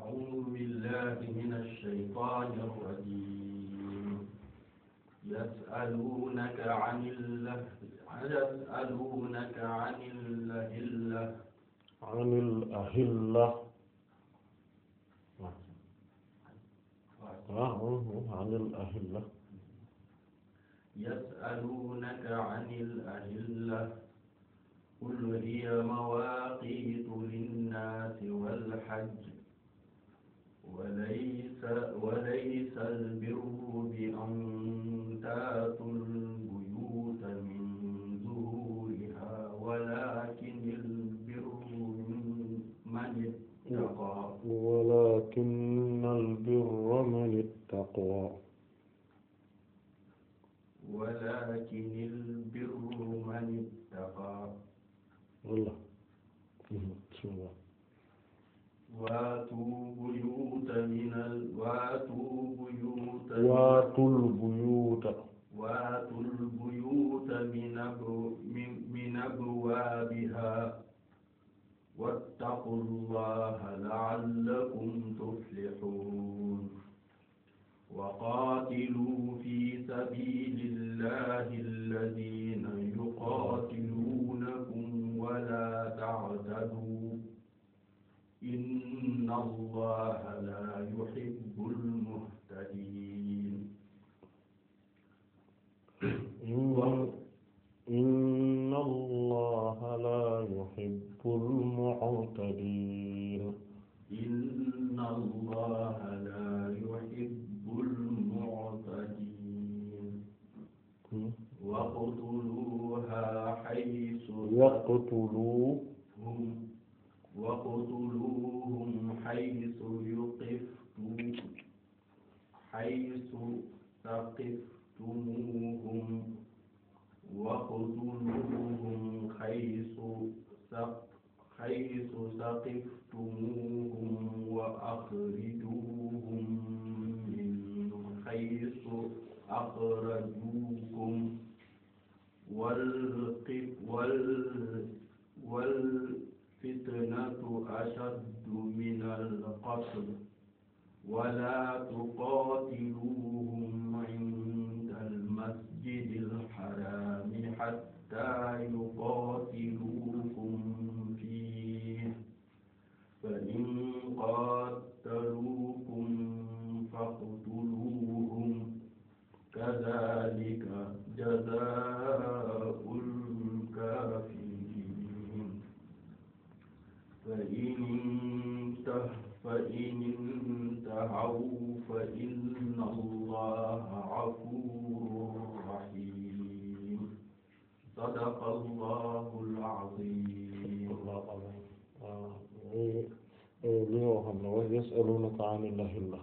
أعوذ بالله من الشيطان الرجيم يسألونك عن الله يسألونك عن الأهلة عن الأهلة عن الأهلة يسألونك عن الأهلة قل هي مواقيت للناس والحج وليس وليس البر بأن تاتوا البيوت من ظهورها ولكن البر من اتقى ولكن البر من اتقى ولكن البر من اتقى الله بسم الله waatul buyuuta waatul buyuuta min abwaabihaa wattaqullaaha la'allakum tuflihuun waqaatiluu fii sabiilillaahi allaziina yuqaatiluunakum wa laa ta'taduu inna allaha la yuhibbul muhtadin inna allaha la yuhibbul mu'tadin inna allaha la yuhibbul mu'tadin hmm? waqtuluha haythu waqtuluha واقتلوهم حيث يقفتموهم حيث ثقفتموهم واقتلوهم حيث حيث ثقفتموهم وأخرجوهم من حيث أخرجوكم والقتل الفتنة أشد من القتل ولا تقاتلوهم عند المسجد الحرام حتى يقاتلوكم فيه فإن قاتلوكم فاقتلوهم كذلك جزاء فإن انتهوا فإن الله غفور رحيم صدق الله العظيم li nga waxoon na wa yasalunaka an illahillah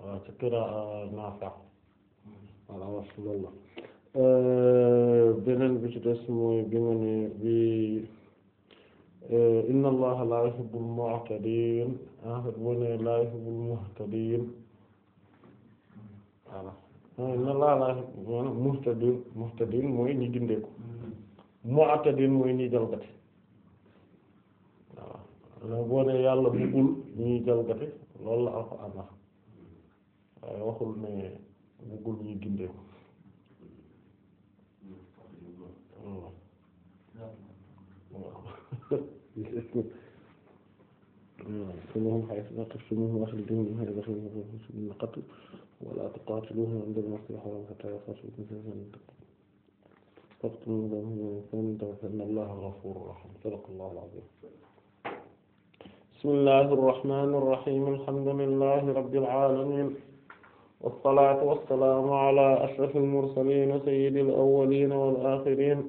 waaw ci qiraa Naafi' wala wasla beneen bi ci des mooy bi ma ne bi inna allaha la yuhibbul mu'tadin en fait boo nee la yuhibbul muhtadin voilà inna allaha la yuhibbul muhtadin muhtadin mooy ñi gindeeku mu'tadin mooy jalgati waaw boo nee yàlla bëggul ñi jalgati loolu la alxuraan wax waaye waxul ne bëggul ñi gindeeku waaw فاقتلوهم حيث ثقفتموهم وأخرجوهم من حيث أخرجوكم من القتل ولا تقاتلوهم عند المسجد الحرام حتى يقاتلوكم فيه فإن الله غفور رحيم صدق الله العظيم بسم الله الرحمن الرحيم الحمد لله رب العالمين والصلاة والسلام على أشرف المرسلين سيد الأولين والآخرين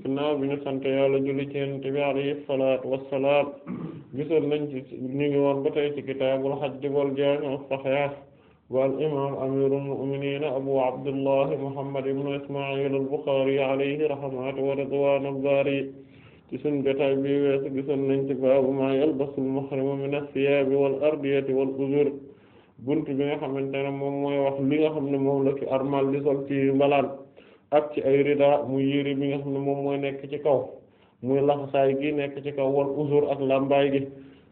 ginnaaw bi ñu sant yàlla julli ci yonent bi alayhi salaatu wassalaam gisoon nañ ci ñu ngi woon ba tey ci kitaabul hajj wal jaami' as-sahiih wal imaam amiirul mu'miniin abu abdullah muhammad ibn isma'il al-buxaari alayhi rahmatu wa ridwaanul baari ci sunu jotaay bi weesu gisoon nañ ci baabu maa yalbasul muhrimu min as-siyaabi wal ardiyati wal uzur bunt bi nga xamante ne moom mooy wax li nga xam ne mo la ci armal sol ci mbalaan ak ci ay rida muy yére bi nga xam ne moom mooy nekk ci kaw muy laxasaay gi nekk ci kaw wal uzur ak lambaay gi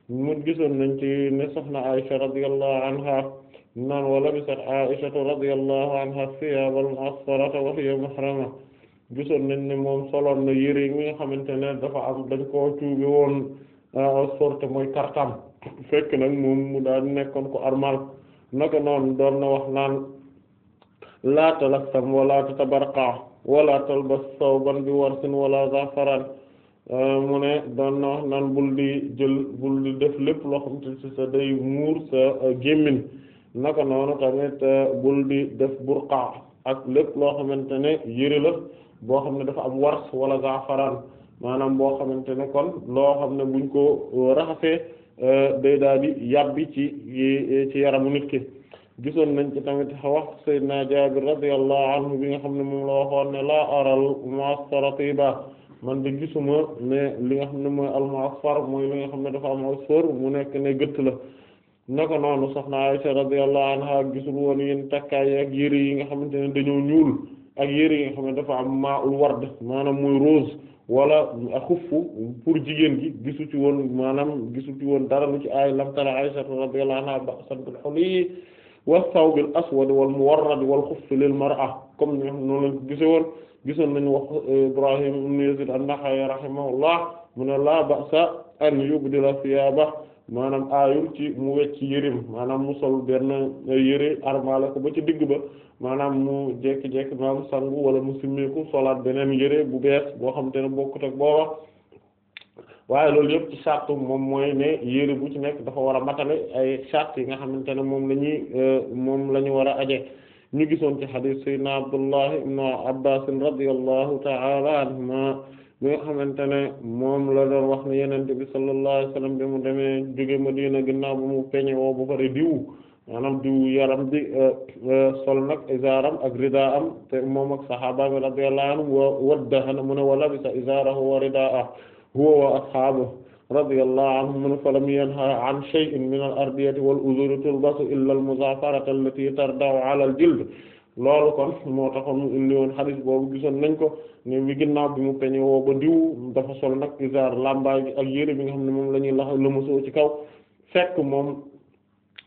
mu gisoon nañ ci ne soxna Aisha radiyallahu anha naan wa labisat Aisha radiyallahu anha siyaban asfarata wa hiya muhrama gisoon nañ ne moom soloon na yére mi nga xamante ne dafa am dañ koo cuubi woon euh, sorte mooy kartam fekk nag moom mu daal nekkoon ko armal naka noonu doon na wax naan laa talassam wala tatabarqa wala talbas sawban bi warsin wala zafaran euh, mu ne doon na wax naan bul di jël bul di def lépp loo xam te sa day muur sa euh, gémmiñ naka noonu tamit euh, ak lépp loo xamante ne yëre la boo xam ne dafa am wars wala zafaran maanaam boo xamante ne kon loo xam ne buñ ko raxasee day daal di bi ci ci yaramu nit ki gisoon nañ ci tamit wax sayyidina Jaabir radiyallahu anhu bi nga xam ne moom la waxoon ne laa aral mu'asfara tiba man de gisuma ne li nga xam ne mooy al mu'asfar li nga xam ne dafa am asfar mu nekk ne gëtt la naka noonu soxna Aysa radiyallahu anha gisul woon yéen takkaay ak yére yi nga xamante ne dañoo ñuul ak yére yi nga xam ne dafa am maa'ul ward maanaam muy rose wala xuffu pour jigéen gi gisu ci woon maanaam gisu ci woon dara lu ci aay lam tara Aysa radiyallahu anha ba'satul wax sawbil aswad wal muwarrad wal xuffi lil mar'a comme ni noonu lañ ko gise woon gisoon nañu wax Ibrahim ibn Yazid an-Nakha'i rahimahullah mu ne la ba'sa an yubdila thiyabahu maanaam aayul ci mu wecc yërim maanaam mu sol benn yëre armala ko ba ci digg ba maanaam mu jekki-jekki maanaam sangu wala mu simmeeku solaat beneen yëre bu bees boo xam te ne bokkut ak booba waaye loolu yëpp ci sartu moom mooy ne yére bu ci nekk dafa war a matale ay sart yi nga xamante ne moom la ñuy euh, moom la ñu war a aje ñu gisoon ci hadith sayyidina Abdullah ibn Abbas radiyallahu ta'ala anhuma nga xamante ne moom la doon wax ne yenente bi sallallahu alayhi wasallam bi mu demee jóge Madina mu peñe woo ba pare maanaam diw yaram bi euh, euh, sol nag izaaram ak rida am te moom ak sahaaba mi radiyallahu anhum wa waddahana mu ne wa labisa izaarahu wa ridaahu huwa wa ashaabuhu radiyallahu anhum man falam yanha an shay'in min al-ardiyati wal uzuri tulbasu illa al-muzaafarata allati tarda'u ala al-jild loolu kon moo taxoon mu indi woon xadis boobu gisoon nañ ko ne bi ginnaaw bi mu peñe woo ba diw dafa sol nag isaar làmbaay bi ak yére bi nga xam ne moom la ñuy lax lëmasoo ci kaw fekk moom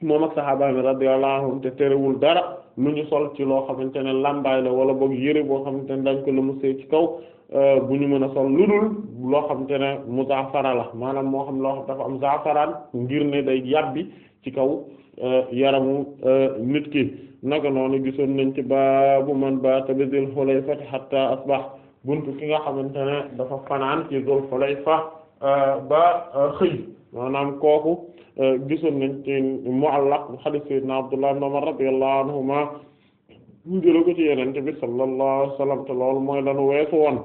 moom ak sahaaba mi radiyallahu anhum te terewul dara mu ñu sol ci loo xamante ne làmbaay la wala boog yëre boo xamante ne dañ ko lëmasoo ci kaw Euh, bu ñu mën a sol lu dul loo xam te ne muzaafara la maanaam moo xam loo xam dafa am zaafaraan ngir ne day yàbbi ci kaw euh, yaramu euh, nit ki naka noonu gisoon nañ ci baabu man baata bi Zul Xulayfa hatta asbah buntu ki nga xamante ne dafa fanaan ci Zul Xulayfa ba xëy maanaam kooku gisoon nañ ci muallaq bu hadiis sayyidina Abdullah ibn Umar radiyallahu anhuma mu jëla ko ci yenente bi sallallahu alayhi te loolu mooy lanu weesu woon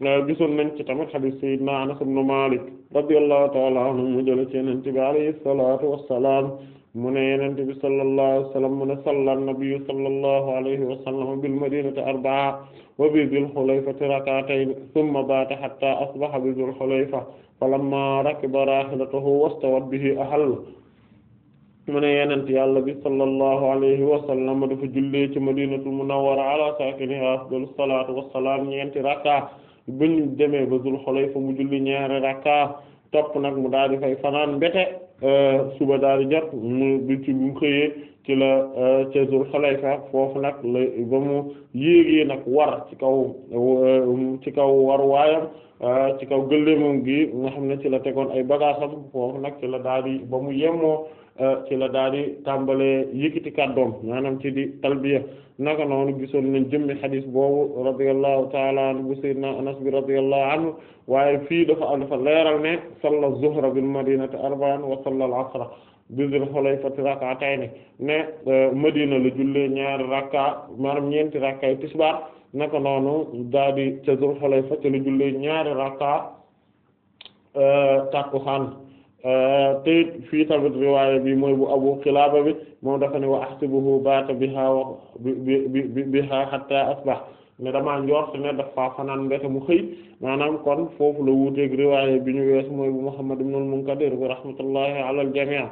gisoon nañ ci tamit hadith sayyidina Anas ibn Malik radiyallahu ta'ala anhu mu jële ci Yonent bi alayhi salatu wassalam mu ne Yonent bi sallallahu alayhi wa sallam mu ne salla an-nabiyyu sallallahu alayhi wa sallam bil madinati arba'a wa bi Dhil Hulayfati rak'atayn thumma bata hatta asbaha bi Dhil Hulayfa falamma rakiba rahilatahu wastawat bihi ahalla mu ne yenent yàlla bi sallallahu alayhi wa sallam dafa jullee ci madinatul munawwara ala saakiniha afdalu salaatu wassalaam ñeenti rakka ba ñu demee ba Zul Xulayfa mu julli ñaari rakka topp nag mu daal di fay fanaan mbete euh, suba daal di jot mu bi ci bu xëyee ci la euh, ca Zul Xulayfa foofu nag la ba mu yéegee nag war ci kaw euh, ci kaw war waayam ci kaw gëléemam gi nga xam ne ci la tegoon ay bagaasam foofu nag ci la daal di ba mu yemoo Euh, ci la daal di tàmbalee yëkkati kàddoom maanaam ci di talbiya naka noonu gisoon nañ jëmmi xadis boobu radiyallahu taala bu sayyidina anas radiyallahu anhu waaye fii dafa dafa leeral ne salla zuhra bil madinati arba'an wa salla al asra bizil xulayfati rak'atayn ne euh, madina la jullee ñaari rakka maanaam ñeenti rakka yi naka noonu daal di ca zul xulayfa jullee ñaari rakka euh, takkusaan Euh, te fii tamit riwaaya bi mooy bu Abu Qilaaba bi moom dafa ne wa ahsibuhu baata biha wa bi biha hatta asbah ne damaa njort ne dafa fanaan mbete mu xëy maanaam kon foofu la wuuteeg riwaaya bi ñu wees mooy bu Muhammad ibn al-Munkadir bi rahmatullahi ala al-jamii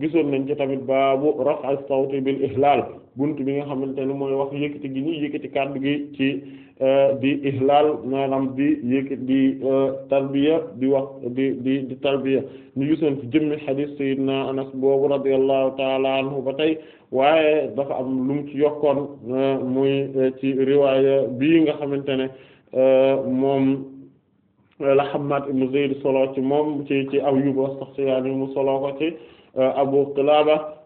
gisoon nañ ci tamit baabu raf'a as-sawti bil ihlaal bunt bi nga xamante ne mooy wax yëkkati gi ñuy yëkkati kàddu gi ci E, di ihlal maanaam di yëkkat di e, tarbiya di wax di di tarbiya ñu gisoon ci jëmmi xadis sayyidina anas boobu radiyallahu taala anhu ba tey waaye dafa am lu ci yokkoon e, muy ci riwaaya bii nga xamante ne moom la Hammad ibn Zayd solo ci moom ci ci Ayyub as mu solo ko ci Abu Qilaaba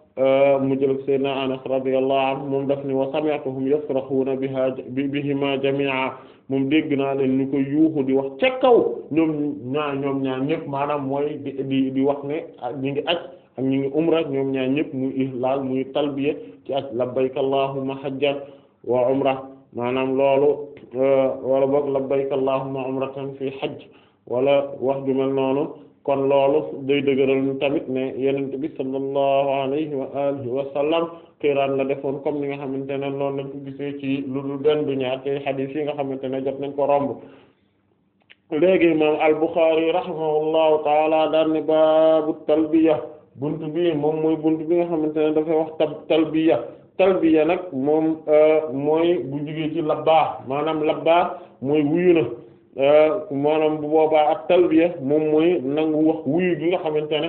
mu jël sayyidina Anas radiyallahu anhu moom daf ni wa sami'tuhum yasrakhuna biha bihima jami'a moom dégg naa leen ñu koy yuuxu di wax ca kaw ñoom ñaa ñoom ñaa ñëpp maanaam mooy di di wax ne ah, ñu ngi aj ak ñu ngi umra ñoom ñaa ñëpp muy ihlal muy talbiya ci aj labbayka allahumma hajjan wa umra maanaam loolu euh, wala boog labbayka allahumma umratan fi hajj wala wax ju mel noonu kon loolu day dëgëral tamit ne yenent bi sallallahu alayhi wa alihi wa sallam xiraan la defoon comme ni nga xamante ne noonu lañ ko ci lu dul benn du ñaar te xadiis yi nga xamante ne jot nañ ko romb léegi imam al-Bukhari rahimahullahu taala daan ne baabu talbiya bunt bi moom mooy bunt bi nga xamante ne dafay wax tab talbiya talbiya nag moom euh, mooy bu jugee ci labbaa maanaam labbaa mooy wuyu na Euh, maanaam bu boobaa ak talbiya moom mooy nangu wax wuyu gi nga xamante ne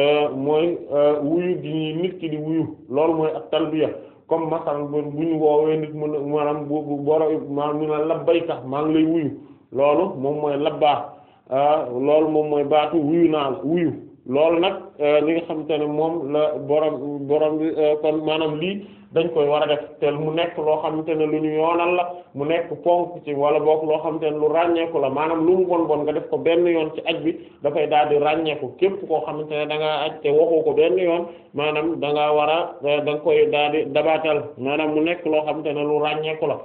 euh, mooy euh, wuyu gi ñuy nit ki di wuyu loolu mooy ak talbiya comme masalan bu bu ñu woowee nit mu maanaam bu bu boro maanaam mu ne labbayka maa ngi lay wuyu loolu moom mooy labbaa loolu moom mooy baatu wuyu naa wuyu loolu nag li nga xamante ne moom la borom borom kon maanaam lii. dañ koy war a def te mu nekk loo xamante ne lu ñu yoonal la mu nekk ponk ci wala boog loo xamante ne lu ràññeeku la maanaam lu mu bon bon nga def ko benn yoon ci aj bi dafay daal di képp koo xamante ne da ngaa aj te ko benn yoon maanaam da ngaa war a da nga daal di dabaatal maanaam mu nekk loo xamante ne lu ràññeeku la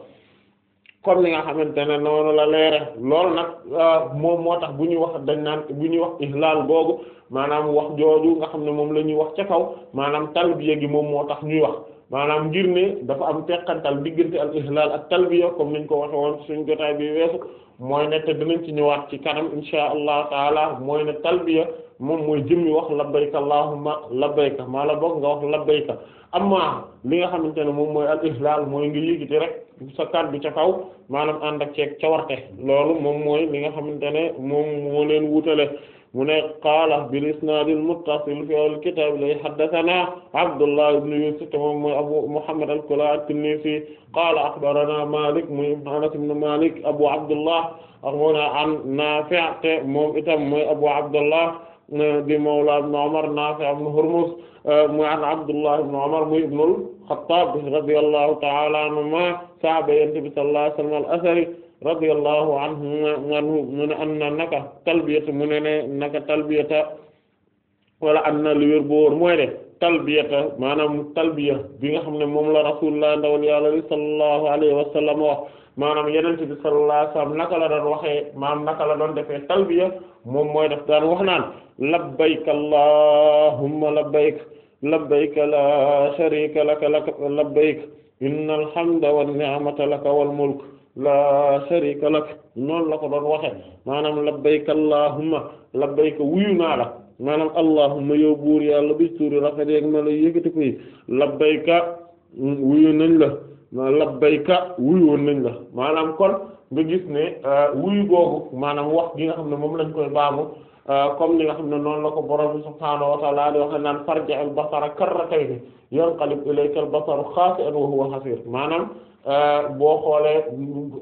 comme ni nga xamante ne noonu la leere loolu nag ah, moom moo tax bu ñuy wax dañ naan bu ñuy wax ihlal googu maanaam wax jooju nga xam ne moom la ñuy wax ca kaw maanaam talbiya gi moom moo tax ñuy wax maanaam ngir ne dafa am teqantal diggante al ihlal ak talbiya comme niñ ko waxe woon suñ jotaay bi weesu mooy ne te dinañ ci ñëwaat ci kanam insha allah taala mooy ne talbiya moom mooy jëmmi wax labbayka allahumma labbayka maa la bokk nga wax labbayka amma li nga xamante ne moom mooy al ihlal mooy nga yéegite rek sa bi ca kaw maanaam ànd ak ceeg ca warte loolu moom mooy li nga xamante ne moom moo leen wutale mu ne qaala bil isnaadil muttasil fi al kitaab lay haddathanaa Abdullah ibn Yusuf te moom mooy Abu Muhammad al-Kula at-Tinnisi qaala akhbaranaa Maalik muy Anas ibn Maalik Abu Abdullah axbarana an Naafi' te moom itam mooy Abu Abdullah di mawla ibn Umar Naafi' ibn Hurmuz muy an Abdullah ibn Umar muy ibnul Xattaab radiyallahu ta'ala anhumaa sahaaba Yonent bi sallallahu alayhi wa sallam al-asari radiyallahu anhu anhu mu ne naka talbiyata mu ne ne naka talbiyata wala an na li wér bu wóor mooy de talbiyata maanaam talbiya bi nga xam ne moom la rasulullah ndawal yàlla li sallallahu alayhi wa sallam wax maanaam yenente naka la doon waxe maam naka la doon defee talbiya moom mooy def daan wax naan labbayk allahumma labbayk labbayk la sharika laka laka labbayk inna alhamda wan ni'mata laka wal laa sharika lak noonu la ko doon waxee maanaam labbayka allahumma labbayka wuyu naa la maanaam allahumma yow buur yàlla bis tuuri rafet ak melo yëkkati ko yi labbayka wuyu nañ la labbayka wuyu woon nañ la maanaam kon nga gis ne euh, wuyu googu maanaam wax gi nga xam ne moom lañ koy baamu euh, comme ni nga xam ne noonu la ko borom subhaanahu wa ta'ala di wax naan farji al basara karratayni yanqalib ilayka al basaru xaasi'an wa hasiir maanaam Euh, boo xoolee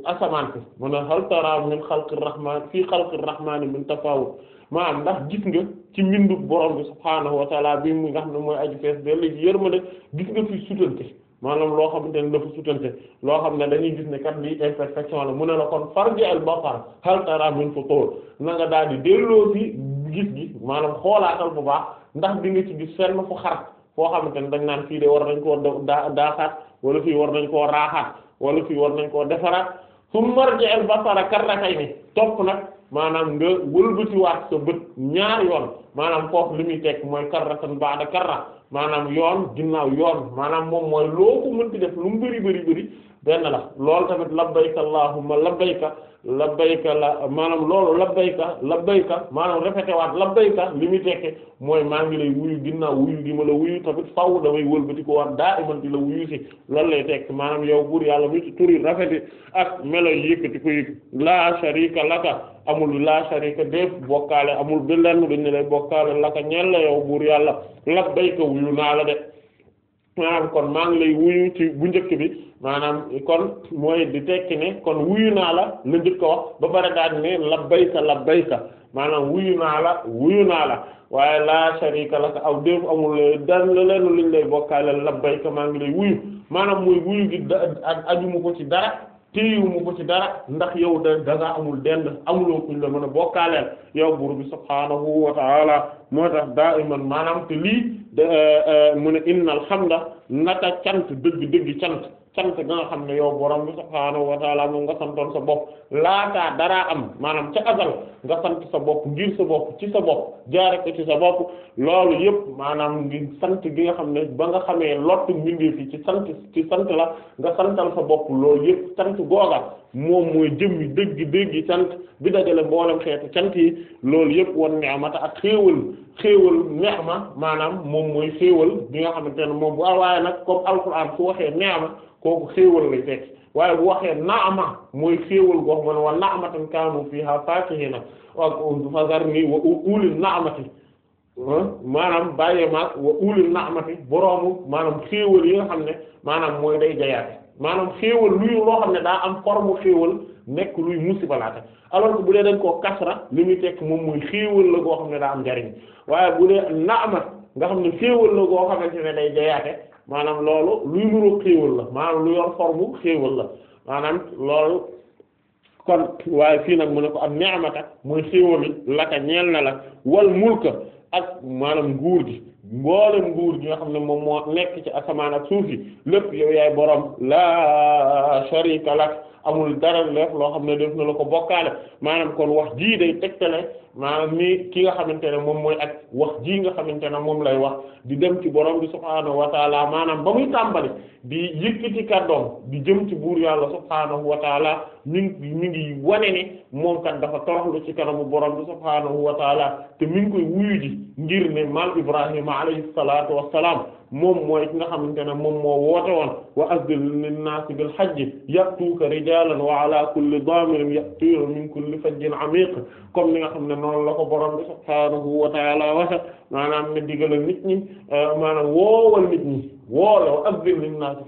asamaan si mu ne hal tara min xalqi rahmaan fii xalqi rahmaani min tafawut maanaam ndax gis nga ci mbindu borom bi subhaanahu wa taala bi mu nga xam ne mooy aju fees de léegi yërmande gis nga fi sutante maanaam loo xamante ne dafa sutante loo xam ne dañuy gis ne kat bi imperfection la mu ne la kon farji al basar hal tara min futur na nga daal di delloo si gis gi maanaam xoolaatal bu baax ndax di nga ci gis fenn fu xar foo xamante ne dañ naan fii de war nañ koo daa daaxaat wala fii war nañ koo raaxaat wala fii war nañ koo fu defaraat summa rji'il basara karratayni topp nag maanaam nga wëlbatiwaat sa bët ñaar yoon maanaam foofu li muy teg mooy karratan da karra maanaam yoon ginnaaw yoon maanaam moom mooy loo ko mënti def lu mu bari bari bari benn la loolu tamit labbayka allahumma labbayka labbayka la maanaam loolu labbayka labbayka maanaam répété waat labbayka li muy tekke mooy maa ngi lay wuyu ginnaaw wuyu gi ma la wuyu tamit faww damay wëlbati ko waat daa iman di la wuyu si lan lay tekk maanaam yow buur yàlla mi ci turi rafeti ak melo yëkkati ko yëg laa sharika laka amul laa sharika def bokkaale amul bi lenn dañ ne lay bokkaale laka ñeel la yow buur yàlla labbayka wuyu naa la de maanaam kon maa ngi lay wuyu ci bu njëkk bi maanaam kon mooy di tekki ne kon wuyu naa la la njëkk wax ba pare daal ne labbayka labbayka maanaam wuyu naa la wuyu naa la waaye laa sharika laka aw déef amul dan la leenu liñ lay la labbayka maa ngi lay wuyu maanaam mooy wuyu gi da ajuma ko ci dara téyewu ma ko dara ndax yow da gaza amul dend amuloo kuñ la mën a bokkaaleel yow buur bi subhaanahu wa ta'ala moo tax daa iman maanaam te lii euh, euh, mu ne innal nga naka cant dëgg dëgg cant sant ga nga xam ne yow borom bi subhaanahu wa taala moom nga santoon sa bopp laataa dara am maanaam ca azal nga sant sa bopp ngir sa bopp ci sa bopp jaare ko ci sa bopp loolu yëpp maanaam ngir sant gi nga xam ne ba nga xamee lottu mbindeef yi ci sant ci sant la nga santal sa bopp loolu yëpp sant googa moom mooy jëm yi dëgg dëgg cant bi dajale mboolem xeetu cant yi loolu yëpp wan ni'mata ak xéewal xéewal ni'ma maanaam moom mooy xéewal bi nga xamante ne moom bu waaye nag comme alxuraan su waxee ni'ma kooku xéewal lay tekki waaye bu waxee naama mooy xéewal gox ah, ma wa naamatan kaanu fiha faakihina fazarni wa ulil maanaam bàyyee maag wa ulil naamati boroomu maanaam xéewal yi nga xam ne maanaam mooy day jayaate maanaam xéewal luy loo xam ne daa am forme xéewal nekk luy musibalaate alors que bu dee dañ koo kasra li muy tekk moom mooy xéewal la goo xam ne daa am jariñ waaye bu dee naama nga xam ne xéewal la goo xamante ne day jayaate maanaam loolu luy nuru xéewal la maanaam lu yor forme xéewal la maanaam loolu kon waaye fii nag mu ne ko am ni'mata mooy xéewal laka ñeel na la wal mulka ak maanaam nguur gi mboolem nguur gi nga xam ne moom moo nekk ci asamaan ak suuf yi lépp yow yaay borom la sharika lak amul dara leef loo xam ne def na la ko bokkaale maanaam kon wax jii day tegtale maanaam ni kii nga xamante ne moom mooy ak wax jii nga xamante ne moom lay wax di dem ci borom bi subhaanahu wa taala maanaam ba muy tàmbali di yëkkati kàddoom di jëm ci buur yàlla subhaanahu wa taala mi ngi mi wane ne moom kat dafa toroxlu ci kanamu borom bi subhaanahu wa te mi koy wuyu ji ngir ne maam Ibrahima alayhi salaatu wa salaam moom mooy ki nga xamante ne moom moo woote woon wa azdil linnaasi bil hajji ya'tuuka rijaalan wa ala kulli daamirin ya'tuuna min kulli fajjin amiiq comme li nga xam ne noonu la ko borom bi subhaanahu wa ta'aala waxe maanaam ne digalal nit ñi maanaam woowal nit ñi woola wa azdil linnaasi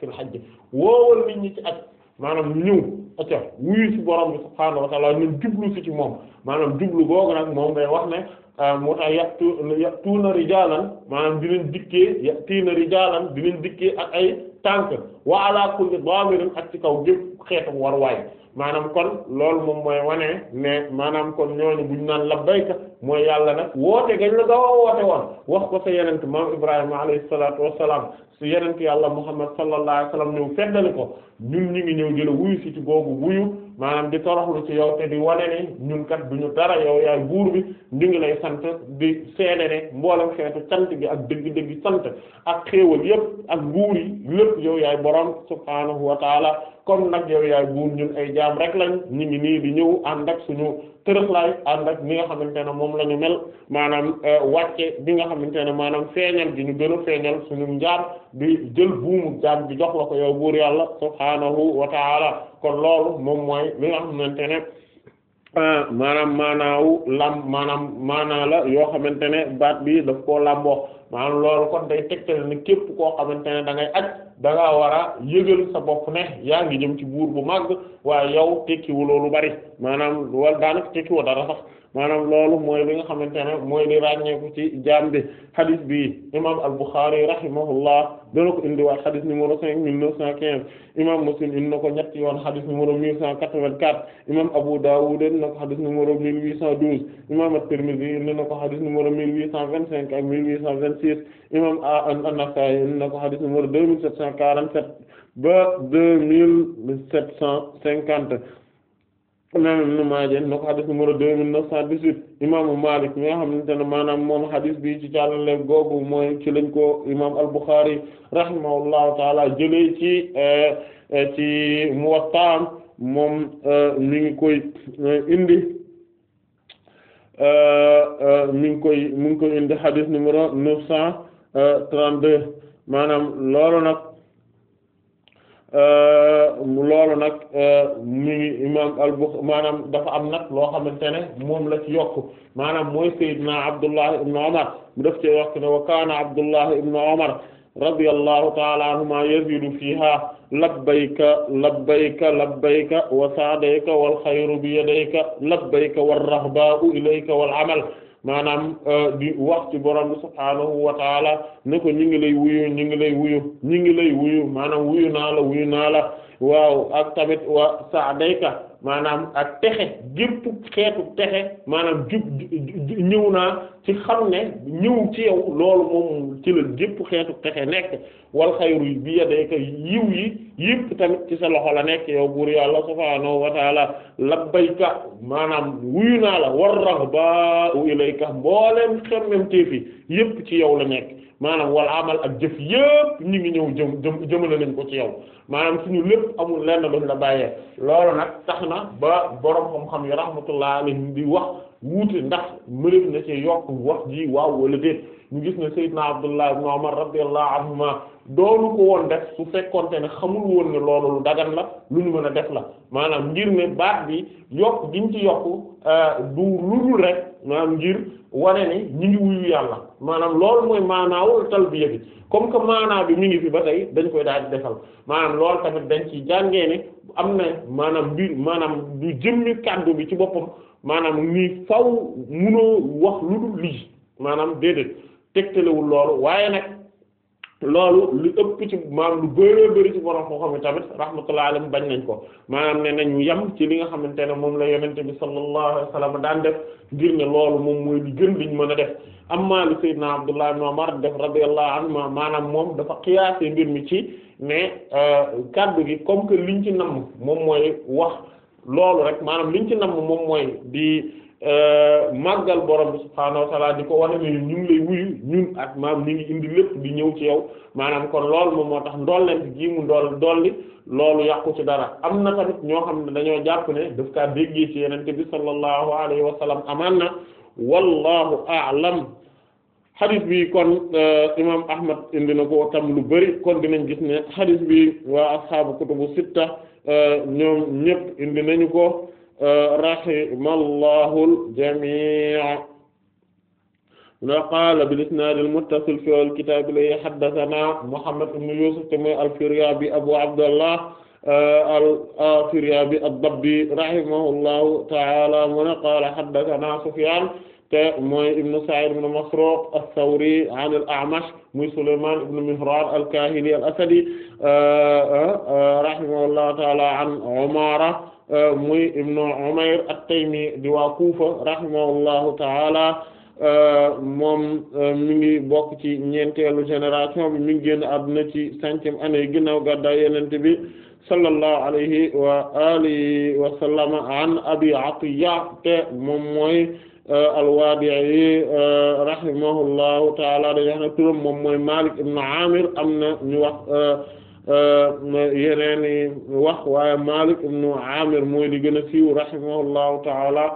fil hajji woowal nit ñi ci at maanaam ñëw acca wuyu ci borom bi subhaanahu wa ta'aala ñun jublu ci ci moom maanaam jublu googu nag moom day wax ne moo tax yattu yattuuna rijaalan maanaam dinañ dikkee yattiina rijaalan dinañ dikkee ak ay tànk wa ala kulli daamirin ak ci kaw gépp xeetu war waay maanaam kon loolu moom mooy wane ne maanaam kon ñooñu ñu naan labbayka mooy yàlla nag woote gañ la gaaw a woote woon wax ko sa yenent maam Ibrahima alayhi salaatu wassalaam su yenent yàlla Muhammad sallallahu alayhi wasallam ñëw feddali ko ñun ñu ngi ñëw jëla wuyu si ci googu wuyu maanaam di toroxlu ci yow te di wane ni ñun kat duñu dara yow yaay guur bi ñu ngi lay sant di seede ne mboolem xeetu cant gi ak dëgg-dëgg sant ak xéewal yépp ak nguur yi lépp yow yaay borom subhaanahu wa taala comme nag yow yaay buur ñun ay jaam rek lañ ñu ñi nii di ñëw ànd ak suñu tërëxlaay ànd ak li nga xamante ne moom lañu ñu mel maanaam euh, wàcce bi nga xamante ne maanaam feeñal gi ñu gën a feeñal suñu njaam di jël buumu jaam bi jox la ko yow buur yàlla subhaanahu wa taala kon loolu moom mooy li nga xamante ne Euh, maanaam maanaawu lam maanaam maanaa la yoo xamante ne baat bi daf koo làmboo maanaam loolu kon day tegtal na képp koo xamante ne da ngay aj da ngaa war a yëgal sa bopp ne yaa ngi jëm ci buur bu màgg waaye yow tekkiwu loolu bari maanaam wala daanaka tekkiwu dara sax maanaam loolu mooy li nga xamante ne mooy li ràññeeku ci jaam bi hadith bi imaam al-Bukhari rahimahullah dana ko indiwaat hadith numéro cinq mille neuf cent quinze imaam Muslim indi na ko yoon hadith numéro mille cent quatre-vingt-quatre imaam Abu Dawud indi na ko hadith numéro huit cent douze imaam at-Tirmidhi indi na ko hadith numéro mille huit cent vingt-cinq ak mille huit cent vingt-six imaam an-Nasa'i indi na ko deux mille sept cent quarante-sept ba imam Ibn Maaja na ko xadis numéro deux mille neuf cent dix-huit imaamu Maalik mi nga xamante ne maanaam moom xadis bi ci càllale googu mooy ci lañ ko imam al-Bukhari rahimahullahu taala jëlee ci eh, eh, ci Muwattaam moom eh, mi ngi koy indi mi koy mi ngi koy indi xadis numéro neuf cent trente-deux maanaam loolu nag Euh, loolu nag euh, mi ngi imam al Bukhari maanaam dafa am nag loo xamante ne moom la ci yokk maanaam mooy Seydina Abdullah ibn Umar mu def ci yokk ne wa kaana Abdullah ibn Umar radiyallahu ta'ala anhuma yazidu fiha labbayka labbayka labbayka wa sa'dayka wal khayru bi yadayka labbayka war rahba'u ilayka wal amal maanaam euh, di wax ci borom bi subhaanahu wa ne ko ñu ngi lay wuyu ñu ngi lay wuyu ñu ngi lay wuyu maanaam wuyu naa la wuyu naa waaw ak tamit wa saadayka maanaam ak texe gépp xeetu texe maanaam jub ñëw naa ci xam ne ñëw ci yow loolu moom ci la gépp xeetu texe nekk wal xayru bi yadayka yiw yi yëpp tamit ci sa loxo la nekk yow buur yàlla subhaanahu wa taala labbayka maanaam wuyu naa la war rahba u ilayka mbooleem xemmem téefi yëpp ci yow la nekk maanaam wal amal ak jëf yëpp ñi ngi ñëw jëm jëm jëmale nañ ko ci yow maanaam suñu lépp amul lenn luñ la bàyyee loolu nag tax na ba borom xam-xam yi rahmatullah alayhim di wax wuute ndax mëneef na ci yokk wax ji waaw wala déet ñu gis ne Seydina Abdullah ibn Umar radiyallahu anhuma doonu ko woon def su fekkonte ne xamul woon ne loolu lu dagan la lu ñu mën a def la maanaam ngir ne baat bi yokk giñ ci yokk euh, du lu dul rek maanaam ngir wane ne ñu ngi wuyu yàlla maanaam loolu mooy maanaawul talbiya bi comme que maanaa bi mi ngi fi ba tey dañ koy daal di defal maanaam lool tamit dañ ci jàngee ne am na maanaam bi maanaam du jëmmi kàddu bi ci boppam maanaam ni faw munoo wax lu dul lii maanaam déedéet tegtalewul loolu waaye nag loolu lu ëpp ci maanaam lu bëree bëri ci borom koo xam ne tamit rahmatullahi alayhi bañ nañ ko maanaam ne nañ yem ci li nga xamante ne moom la yonent bi sallallahu alayhi wa sallam daan def ngir ne loolu moom mooy li gën liñ mën a def amma li sayyidina Abdullah ibn Umar def radiyallahu anhuma maanaam moom dafa xiyaase mbir mi ci ne euh, kàddu gi comme que liñ ci namm moom mooy wax loolu rek maanaam liñ ci namm moom mooy di. Euh, màggal borom bi subhaanahu wa taala di ko wane ne ñu ngi lay wuyu ñun ak maam ñu ngi indi lépp di ñëw ci yow maanaam kon lool moom moo tax ndolleent ji mu ndool dolli loolu yàqu ci dara am na tamit ñoo xam ne dañoo jàpp ne daf kaa déggee ci yenente bi sallallahu alayhi wa sallam amaan na wallahu a'lam xadis bi kon euh, imam ahmad indi na ko tam lu bari kon dinañ gis ne xadis bi waa asxaabu kutubu sitta euh, ñoom ñépp indi nañu ko rahimallahu al-jamii' wa qaala bil-isnaad al-muttasil fi al-kitaab ilayhi haddathanaa Muhammad ibn Yuusuf te mooy al-Firyaabi Abu Abdallah al-Firyaabi ad-Dabbi rahimahullahu ta'aala mu ne qaala haddathanaa Sufyaan te mooy ibnu Sa'id ibnu Masruq as-Sawri an al-A'mash muy Sulayman ibnu Mihraan al-Kaahili al-Asadi euh, euh, rahimahullahu ta'ala an Umaara euh, muy ibnu Umayr at-Taymi di waa Kuufa rahimahullahu moom mi ngi bokk ci ñeenteelu génération bi mi ngi génn àdduna ci cinquième année ginnaaw wa alihi wa sallam an Abi Atiyya te moom mooy Euh, al-Wadi'i euh, rahimahullahu ta'ala dañuy wax ne turam moom mooy Malik ibn Amir am na ñu wax euh, yeneen i wax waaye Malik ibn Amir mooy li gën a siiw rahimahullahu ta'ala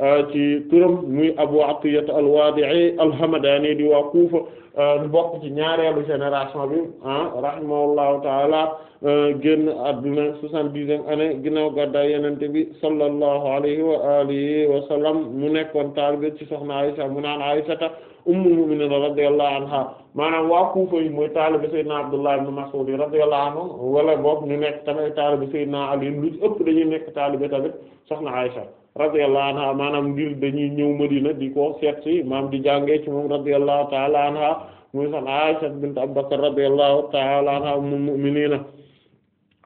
Euh, ci turam muy Abu Atiyya al-Wadi'i al-Hamdani di waa Kufa euh, bokk ci ñaareelu génération bi ah rahimahullahu ta'ala euh, génn àdduna soixante-dixième année ginnaaw gàddaay Yonent bi sallallahu alayhi wa mu nekkoon taalibe ci soxna Aysa mu naan Aysata ummul mu'minin radiyallahu maanaam waa Kufa yi mooy taalibe Seydina bu ibn Mas'ud radiyallahu anhu wala bokk ñu nekk tamit taalibe Seydina Ali lu ëpp dañuy nekk taalibe tamit soxna Aysa radiyallahu anha maanaam ngir dañuy ñëw Madina di ko seet si maam di jàngee ci moom radiyallahu ta'ala anha muy sax Aisha bint Abu Bakr radiyallahu ta'ala anha ummul mu'minina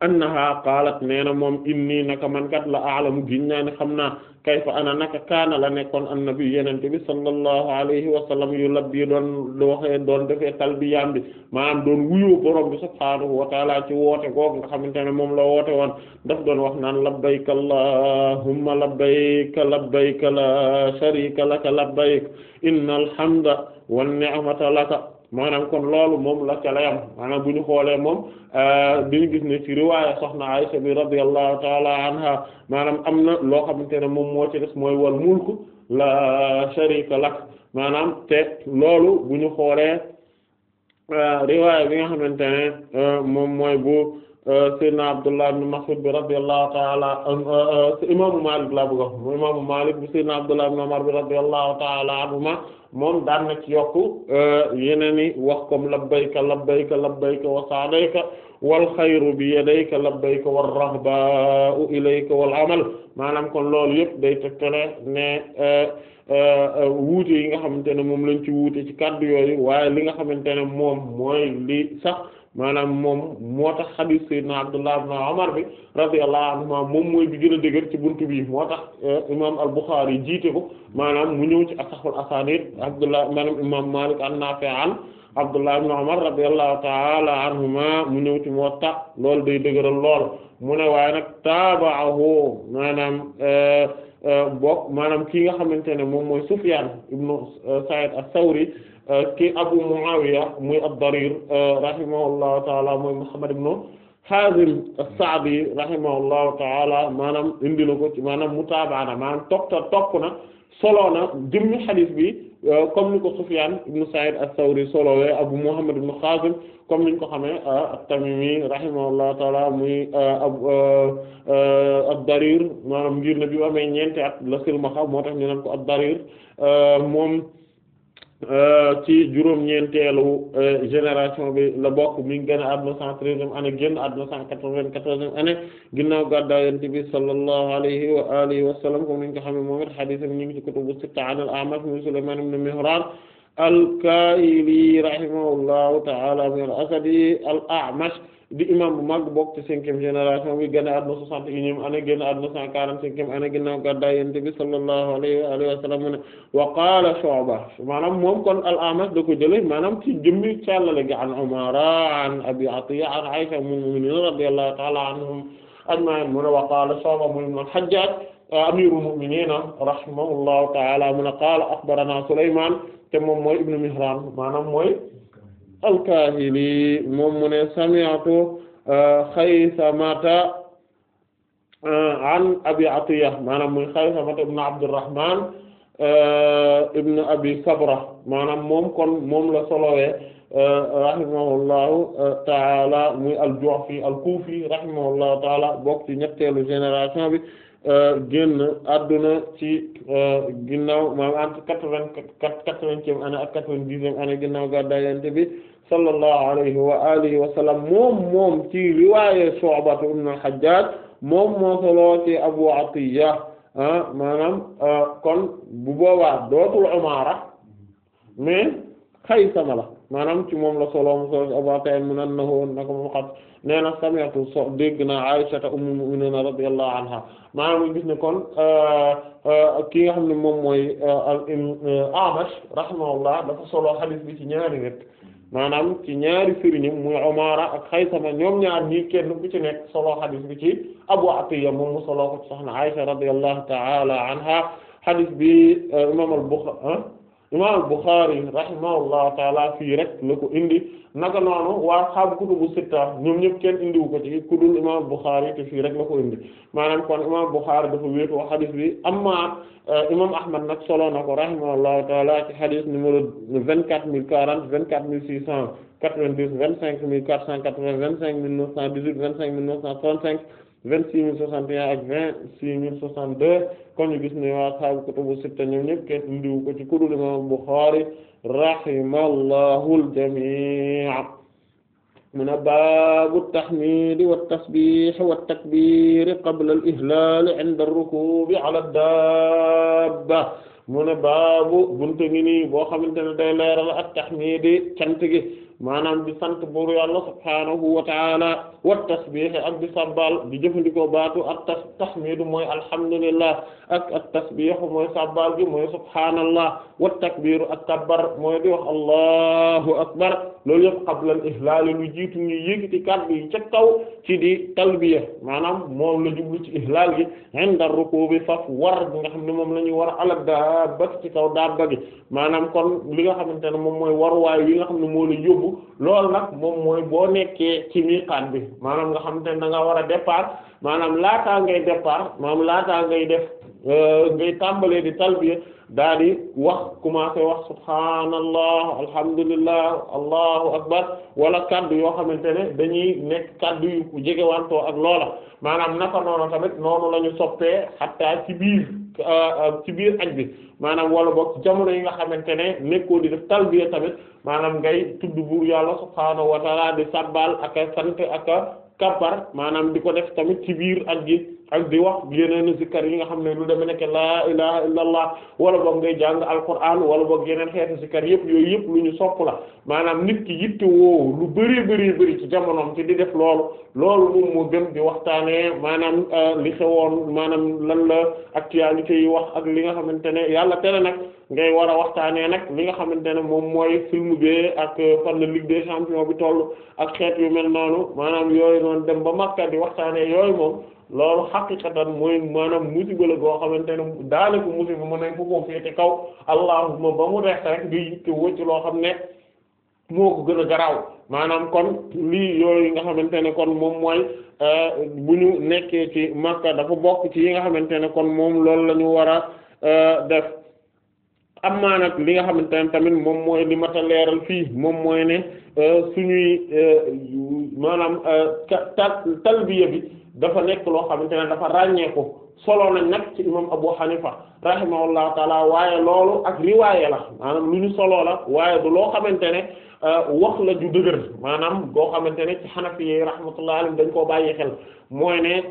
annaha qalat nee moom inni naka man kat la a'lamu giñ xam naa kayfa ana naka kaana la nekkoon annabi yenente bi sallallahu alayhi wa sallam yu labbi doon waxee doon defee talbiyaam bi maanaam doon wuyoo borom bi subhaanahu wa taala ci woote googu nga xamante ne moom la woote woon daf doon wax naan labbayk allahumma labbayk labbayk la sharika laka labbayk inna alhamda wan ni'mata laka maanaam kon loolu moom la ca maanaam bu ñu xoolee moom dañu euh, gis ne ci riwaaya soxna Aysa bi radiyallahu taala maanaam am na loo xamante ne moom moo ci des mooy wal mulku la sharika lak maanaam te loolu bu ñu xoolee euh, riwaaya bi nga xamante ne euh, moom mooy bu Euh, Seydina Abdullah ibn Mas'ud bi radiyallahu ta'ala euh, euh, imaamu Maalik laa bëgg a wax imaamu Maalik bi Seydina Abdullah ibn Umar bi radiyallahu ta'ala anhuma moom daan na ci yokku yeneeni wax comme labbayka labbayka labbayka wa sa'dayka wal xayru bi yadayka labbayka war rahba'u ilayka wal amal maanaam kon loolu yëpp day tegtale ne wuute yi nga xamante ne moom lañ ci wuute ci kàddu yooyu waaye li nga xamante ne moom mooy li sax maanaam moom moo tax xadiis sayyidina Abdullah ibn Umar bi radiyallahu anhuma moom mooy bi gën a dëgër ci buntu bi moo tax eh, imaam al-Bukhari jiite ko maanaam mu ñëw ci asahul asaanid Abdullah maanaam imaam Maalik an Naafi' an Abdullah ibn Umar radiyallahu ta'ala anhuma mu ñëw ci Muwatta loolu day dëgëral lool mu ne waaye nag taaba'ahu maanaam eh, eh, bokk maanaam kii nga xamante ne moom mooy Sufyaan ibn Sa'id as-Sawri Euh, ki Abu Muawiya muy ad-Darir euh, rahimahullahu taala mooy Muhammad ibn Hazim as-Sa'di rahimahullahu taala maanaam indi na ko maanaam mutaabaana maanaam toppta topp solo na jëmmi xadis bi euh, comme ni ko Sufyan ibn Sa'id as-Sawri solowee Abu Muhammad ibn Khazim comme niñ ko xamee at-Tamimi rahimahullahu taala muy ab ad-Darir maanaam ngir amee ñeenti at la silmaxa moo tax ñu naan ko ad-Darir moom Euh, ci juróom-ñeenteelu euh, génération bi la bokk mi ngi génn àdduna cent treizième année génn àdduna cent quatre-vingt-quatorzième année ginnaaw gàddaay Yonent bi sallallahu alayhi wa alihi wa sallam comme ni nga xam ne moom it hadiis am ñu ngi ci kutubu sitta an al-A'mash mu Sulaymaan ibn al-Kaa'ili rahimahullahu ta'ala min al-Asadi al-A'mash di imam bu mag bokk ci cinquième génération bi génn àdduna soixante et unième année génn àdduna cent quarante-cinquième année ginnaaw gàddaay Yonent bi sallallahu alayhi wa alihi wa sallam ne wa qaala Shu'ba maanaam moom kon al-A'mash da ko jële maanaam ci jëmmi càllale gi an Umara an Abi Atiya an Aisha ummul mu'minin radiyallahu ta'ala anhum ajma'in mu ne wa qaala Shu'ba mu ne Hajjaj amirul mu'minin rahimahullahu ta'ala mun a qaala akhbarana Sulaymaan te moom mooy ibnu Mihraan maanaam mooy al-Kaahili moom mu ne sami'tu Khaysamata uh, uh, an Abi Atiyya maanaam mooy Khaysamata ibnu Abdurrahmaan uh, ibnu Abi Sabra maanaam moom kon moom la solowee rahimahullahu ta'ala muy al-Ju'fi al-Kufi rahimahullahu ta'ala bokk ci ñetteelu génération bi Euh, génn adduna ci euh, ginnaaw maam entre quatre-vingt-quatre quatre-vingtième année ak quatre-vingt-dixième année ginnaaw gàddaay Yonent bi sallallahu alayhi wa alihi wa sallam moom moom ci riwaaya Shu'ba ibn al-Hajjaj moom moo solo ci Abu Atiyya ah, maanaam euh, kon bu boobaa dootul Umaara mais Xaysama la maanaam ci moom la solo mu solo Abu Tayyib mu nan na woon nako moom xat nee na sami'tu so dégg naa Aysata ummul mu'minin radiyallahu anha maanaam gis ne kon euh, euh, ki nga xam ne moom mooy euh, al-A'mash rahimahullah dafa solo hadith bi ci ñaari nit maanaam ci ñaari sëriñam muy Umaara ak Xaysama ñoom ñaar ñii kenn ku ci nekk solo hadith bi ci Abu Atiyya moom mu solo ko ci soxna Aysa radiyallahu ta'ala anha hadith bi imam al-Bukhari ah, imaam Bukhari rahimahullahu taala fii rek la ko indi naka noonu waa xaabu kutubu sitta ñoom ñëpp kenn indiwu ko ci ku dul imaam te fii rek la ko indi maanaam kon imaam Bukhari dafa wéetu wax xadis bi amma euh, imaam Ahmad nag solo na ko rahimahullahu taala ci xadis numéro vingt quatre mille quarante vingt quatre mille six cent quatre vingt dix vingt cinq mille quatre cent quatre vingt vingt cinq mille neuf cent dix huit vingt cinq mille neuf cent trente vingt-six mille soixante et un ak vingt-six mille soixante-deux kon ñu gis ne waa saabu kutubu sitta ñoom ñëpp kenn indiwu ko ci kuréel imam Bukhari rahimallahu al-jami' mu ne baabu tahmidi wa tasbih wa takbiri qabla al-ihlal 'inda ar-rukubi 'ala ad-dabba mu ne baabu bunte ngi nii boo xamante ne day leeral ak tahmidi cant gi maanaam bi sant buur yàlla subhaanahu wa taala wa tasbih ak di sabbal di jëfandikoo baatu ak tas tahmidu mooy alhamdulillah ak ak tasbihu mooy sabbal gi mooy subhaanallah wa takbiru ak kabbar mooy di wax allahu akbar loolu yëpp qabla al ihlaal lu jiitu ñu yëkkati kàddu yi ca kaw ci di talbiya maanaam moom lu jublu ci ihlaal gi inda ruku bi bi nga xam ne moom la ñuy war a ala daabba ci kaw daabba gi maanaam kon li nga xamante ne moom mooy waruwaay yi nga xam ne moo la loolu nag moom mooy boo nekkee ci miqaat bi maanaam nga xam te ne da nga war a départ maanaam laataa ngay départ maanaam laataa ngay def euh, ngay tàmbalee di talbiya daa di wax commencé wax subhaanallah alhamdulillah allahu akbar wala kaddu yoo xamante ne dañuy nekk kaddu yu jegewantoo ak loola maanaam naka tamit noonu la ñu soppee xattaa ci biir euh, ci biir aj bi maanaam wala boog jamono yi nga xamante ne nekkoo di def talbiya tamit maanaam ngay tudd bu yàlla subhaanahu wa taala di sabbal ak sant ak kappar maanaam di ko def tamit ci biir ak gi ak di wax yeneen zikkar yi nga xam ne lu deme nekk laa ilaha laa wala boog ngay jàng alquran wala boog yeneen xeetu zikkar yëpp yooyu yëpp lu ñu sopp la maanaam nit ki yitte woowu lu bëri bëri bëri ci jamonoom ci di def loolu loolu moom moo gën di waxtaanee maanaam euh, li xewoon maanaam lan la actualité yi wax ak li nga xamante ne yàlla tere nag ngay war a waxtaanee nag li nga xamante ne moom mooy film bi ak fan la Ligue des champions bi toll ak xeet yu mel noonu maanaam yooyu noonu dem ba Makka di waxtaanee yooyu moom loolu xaqiqatan mooy maanaam musiba la goo xamante ne daanaka musiba mën nañ ko koo kaw allahuma ba mu rex rek loo xam ne moo ko gën a garaaw maanaam kon lii yooyu nga xamante ne kon moom mooy eh, bu ñu nekkee ci Makka dafa bokk ci yi nga xamante ne kon moom loolu lañu war a eh, def amma nag li nga xamante ne tamit moom mooy li mat a leeral fii moom mooy ne euh, suñuy euh, maanaam euh, talbiya bi dafa nekk loo xamante ne dafa ràññeeku solo nañ nag ci imam Abu Hanifa rahimahullahu taala waaye loolu ak riwaaye la maanaam lu ñu solo la waaye du loo xamante ne wax la ju dëgër maanaam goo xamante ne ci xanafi yi rahmatullahi alayhim dañ koo bàyyi xel mooy ne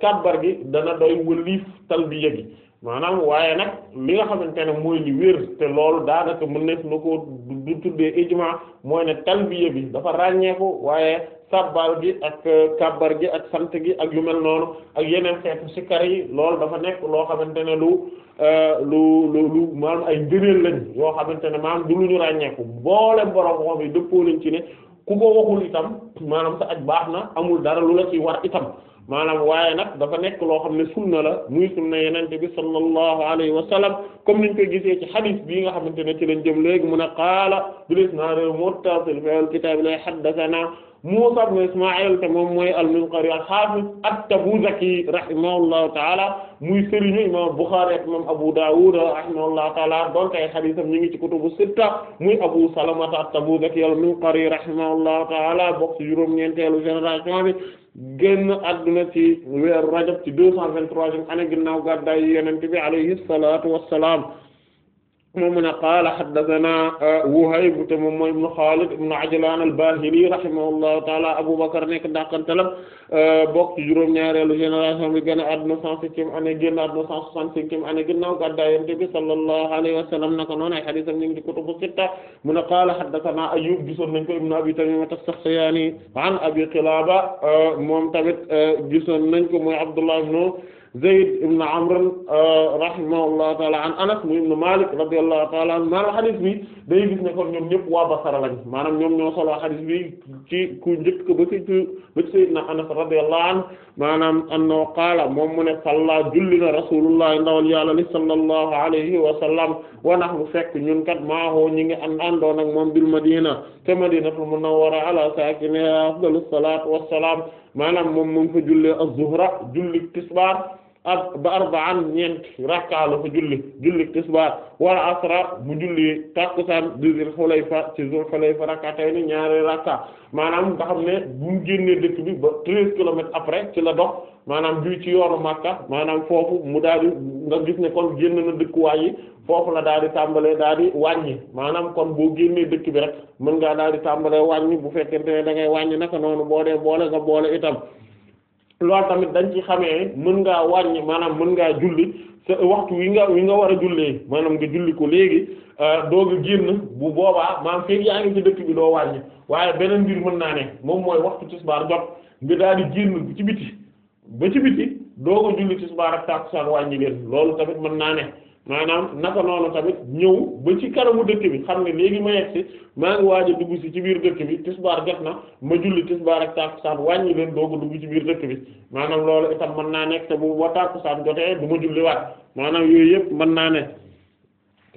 kàbbar gi dana doy wëliif talbiya gi maanaam waaye nag li nga xamante ne mooy li wér te loolu daanaka mën na na ko du tuddee ijma mooy ne talbiya bi dafa ràññeeku waaye sabbal gi ak euh, kabbar gi ak sant gi ak yu mel noonu ak yeneen xeetu sikkar yi loolu dafa nekk loo xamante ne lu euh, lu lu lu ay ngëneel lañ yoo xamante ne maanaam du lu ñu ràññeeku boole borom xof yi dëppoo lañ ci ne ku ko waxul itam maanaam sa aj baax na amul dara lu la ciy war itam maanaam waaye nag dafa nekk loo xam ne sunna la muy sunna yenente bi sallallahu alayhi wa sallam comme niñ koy gisee ci xadis bii nga xamante ne ci lañ jëm léegi mun a qaala bilisnaad muttasil fi al-kitaab la haddathana Muusaa ibn Ismaa'il te moom mooy al-Minqari al-Haafiz at-Tabuzaki rahimahullahu taala muy sëriñu imaam Buxaari ak imaam Abu Daawud rahimahullahu taala donc ay xadiisam ñu ngi ci kutubu sitta muy Abu Salamata at-Tabuzaki al-Minqari rahimahullahu taala bokk ci juróom-ñeenteelu génération bi génn àdduna ci weer rajab ci deux cent vingt-troisième année ginnaaw gàddaay yonent bi alayhi salaatu wassalaam moom mu ne qaala haddathana euh, Wuhayb moom mooy ibnu Xaalid ibnu Ajlaan al-Baahili rahimahullahu taala Abu Bakr nekk dàqantalam euh, bokk ci juróom-ñaareelu génération bi gën a àdduna cent septième année génn àdduna cent soixante-cinquième année ginnaaw gàddaay Yonent bi sallallahu alayhi wa sallam naka noonu ay hadiisam ñu ngi ci kutubu sitta mu ne qaala haddathana Ayyuub gisoon nañ ko ibnu Abi Tamiima as-Saxtiyaani an Abi Qilaaba euh, moom tamit gisoon nañ ko mooy Abdullah ibnu Zayd ibn Amr euh, rahimahullahu taala an Anas mu ibn Malik radiyallahu taala an maanaam xadis bi day gis ne kon ñoom ñëpp waa Basra lañ maanaam ñoom ñoo solo xadis bi ci ku njëkk ko ba ci ba ci Sayyidina Anas radiyallahu anhu maanaam annahu qaala moom mu ne salla julli na Rasulullah ndawal yàlla li sallallahu alayhi wa sallam wa nahnu fekk ñun kat maaxoo ñi ngi an àndoon ak moom bil Madina te Madinatul Munawwara ala saakinihaa afdalu salaatu wassalaam maanaam moom mu ngi fa julli az-zuhra julli tisbaar ak ba arba'an ñeent rakka la fa julli julli tisbaar wala asra mu julli takkusaan Dul Xulayfa ci Dul Xulayfa rakkatayni ñaari rakka maanaam nga xam ne bu mu génnee dëkk bi ba treize kilomètres après ci la dox maanaam bi ci yoonu Makka maanaam foofu mu daal di nga gis ne kon génn na dëkkuwaay yi foofu la daal di tàmbalee daal di wàññi maanaam kon boo génnee dëkk bi rek mën ngaa daal di tàmbalee wàññi bu fekkente ne da ngay wàññi nak noonu boo dee boole nga boole itam loolu tamit dañ ci xamee mën ngaa wàññi maanaam mën ngaa julli waxtu wi nga wi nga war a jullee maanaam nga julli ko léegi euh, doog a génn bu boobaa maam feeg yaa ngi ci dëkk bi doo wàññi waaye beneen mbir mën naa ne moom mooy waxtu tisbaar jot nga daal di génn ci biti ba ci biti doog a julli tisbaar ak takkusaan wàññi leen loolu tamit mën naa ne maanaam naka noonu tamit ñëw ba ci kanamu dëkk bi xam ne léegi ma yegg si maa ngi waaj a dugg si ci biir dëkk bi tisbaar jot na ma julli tisbaar ak tàkkusaan wàññi leen ko dugg ci biir dëkk bi maanaam loolu itam mën naa nekk te bu ba tàkkusaan jotee du ma julli waat maanaam yooyu yëpp mën naa ne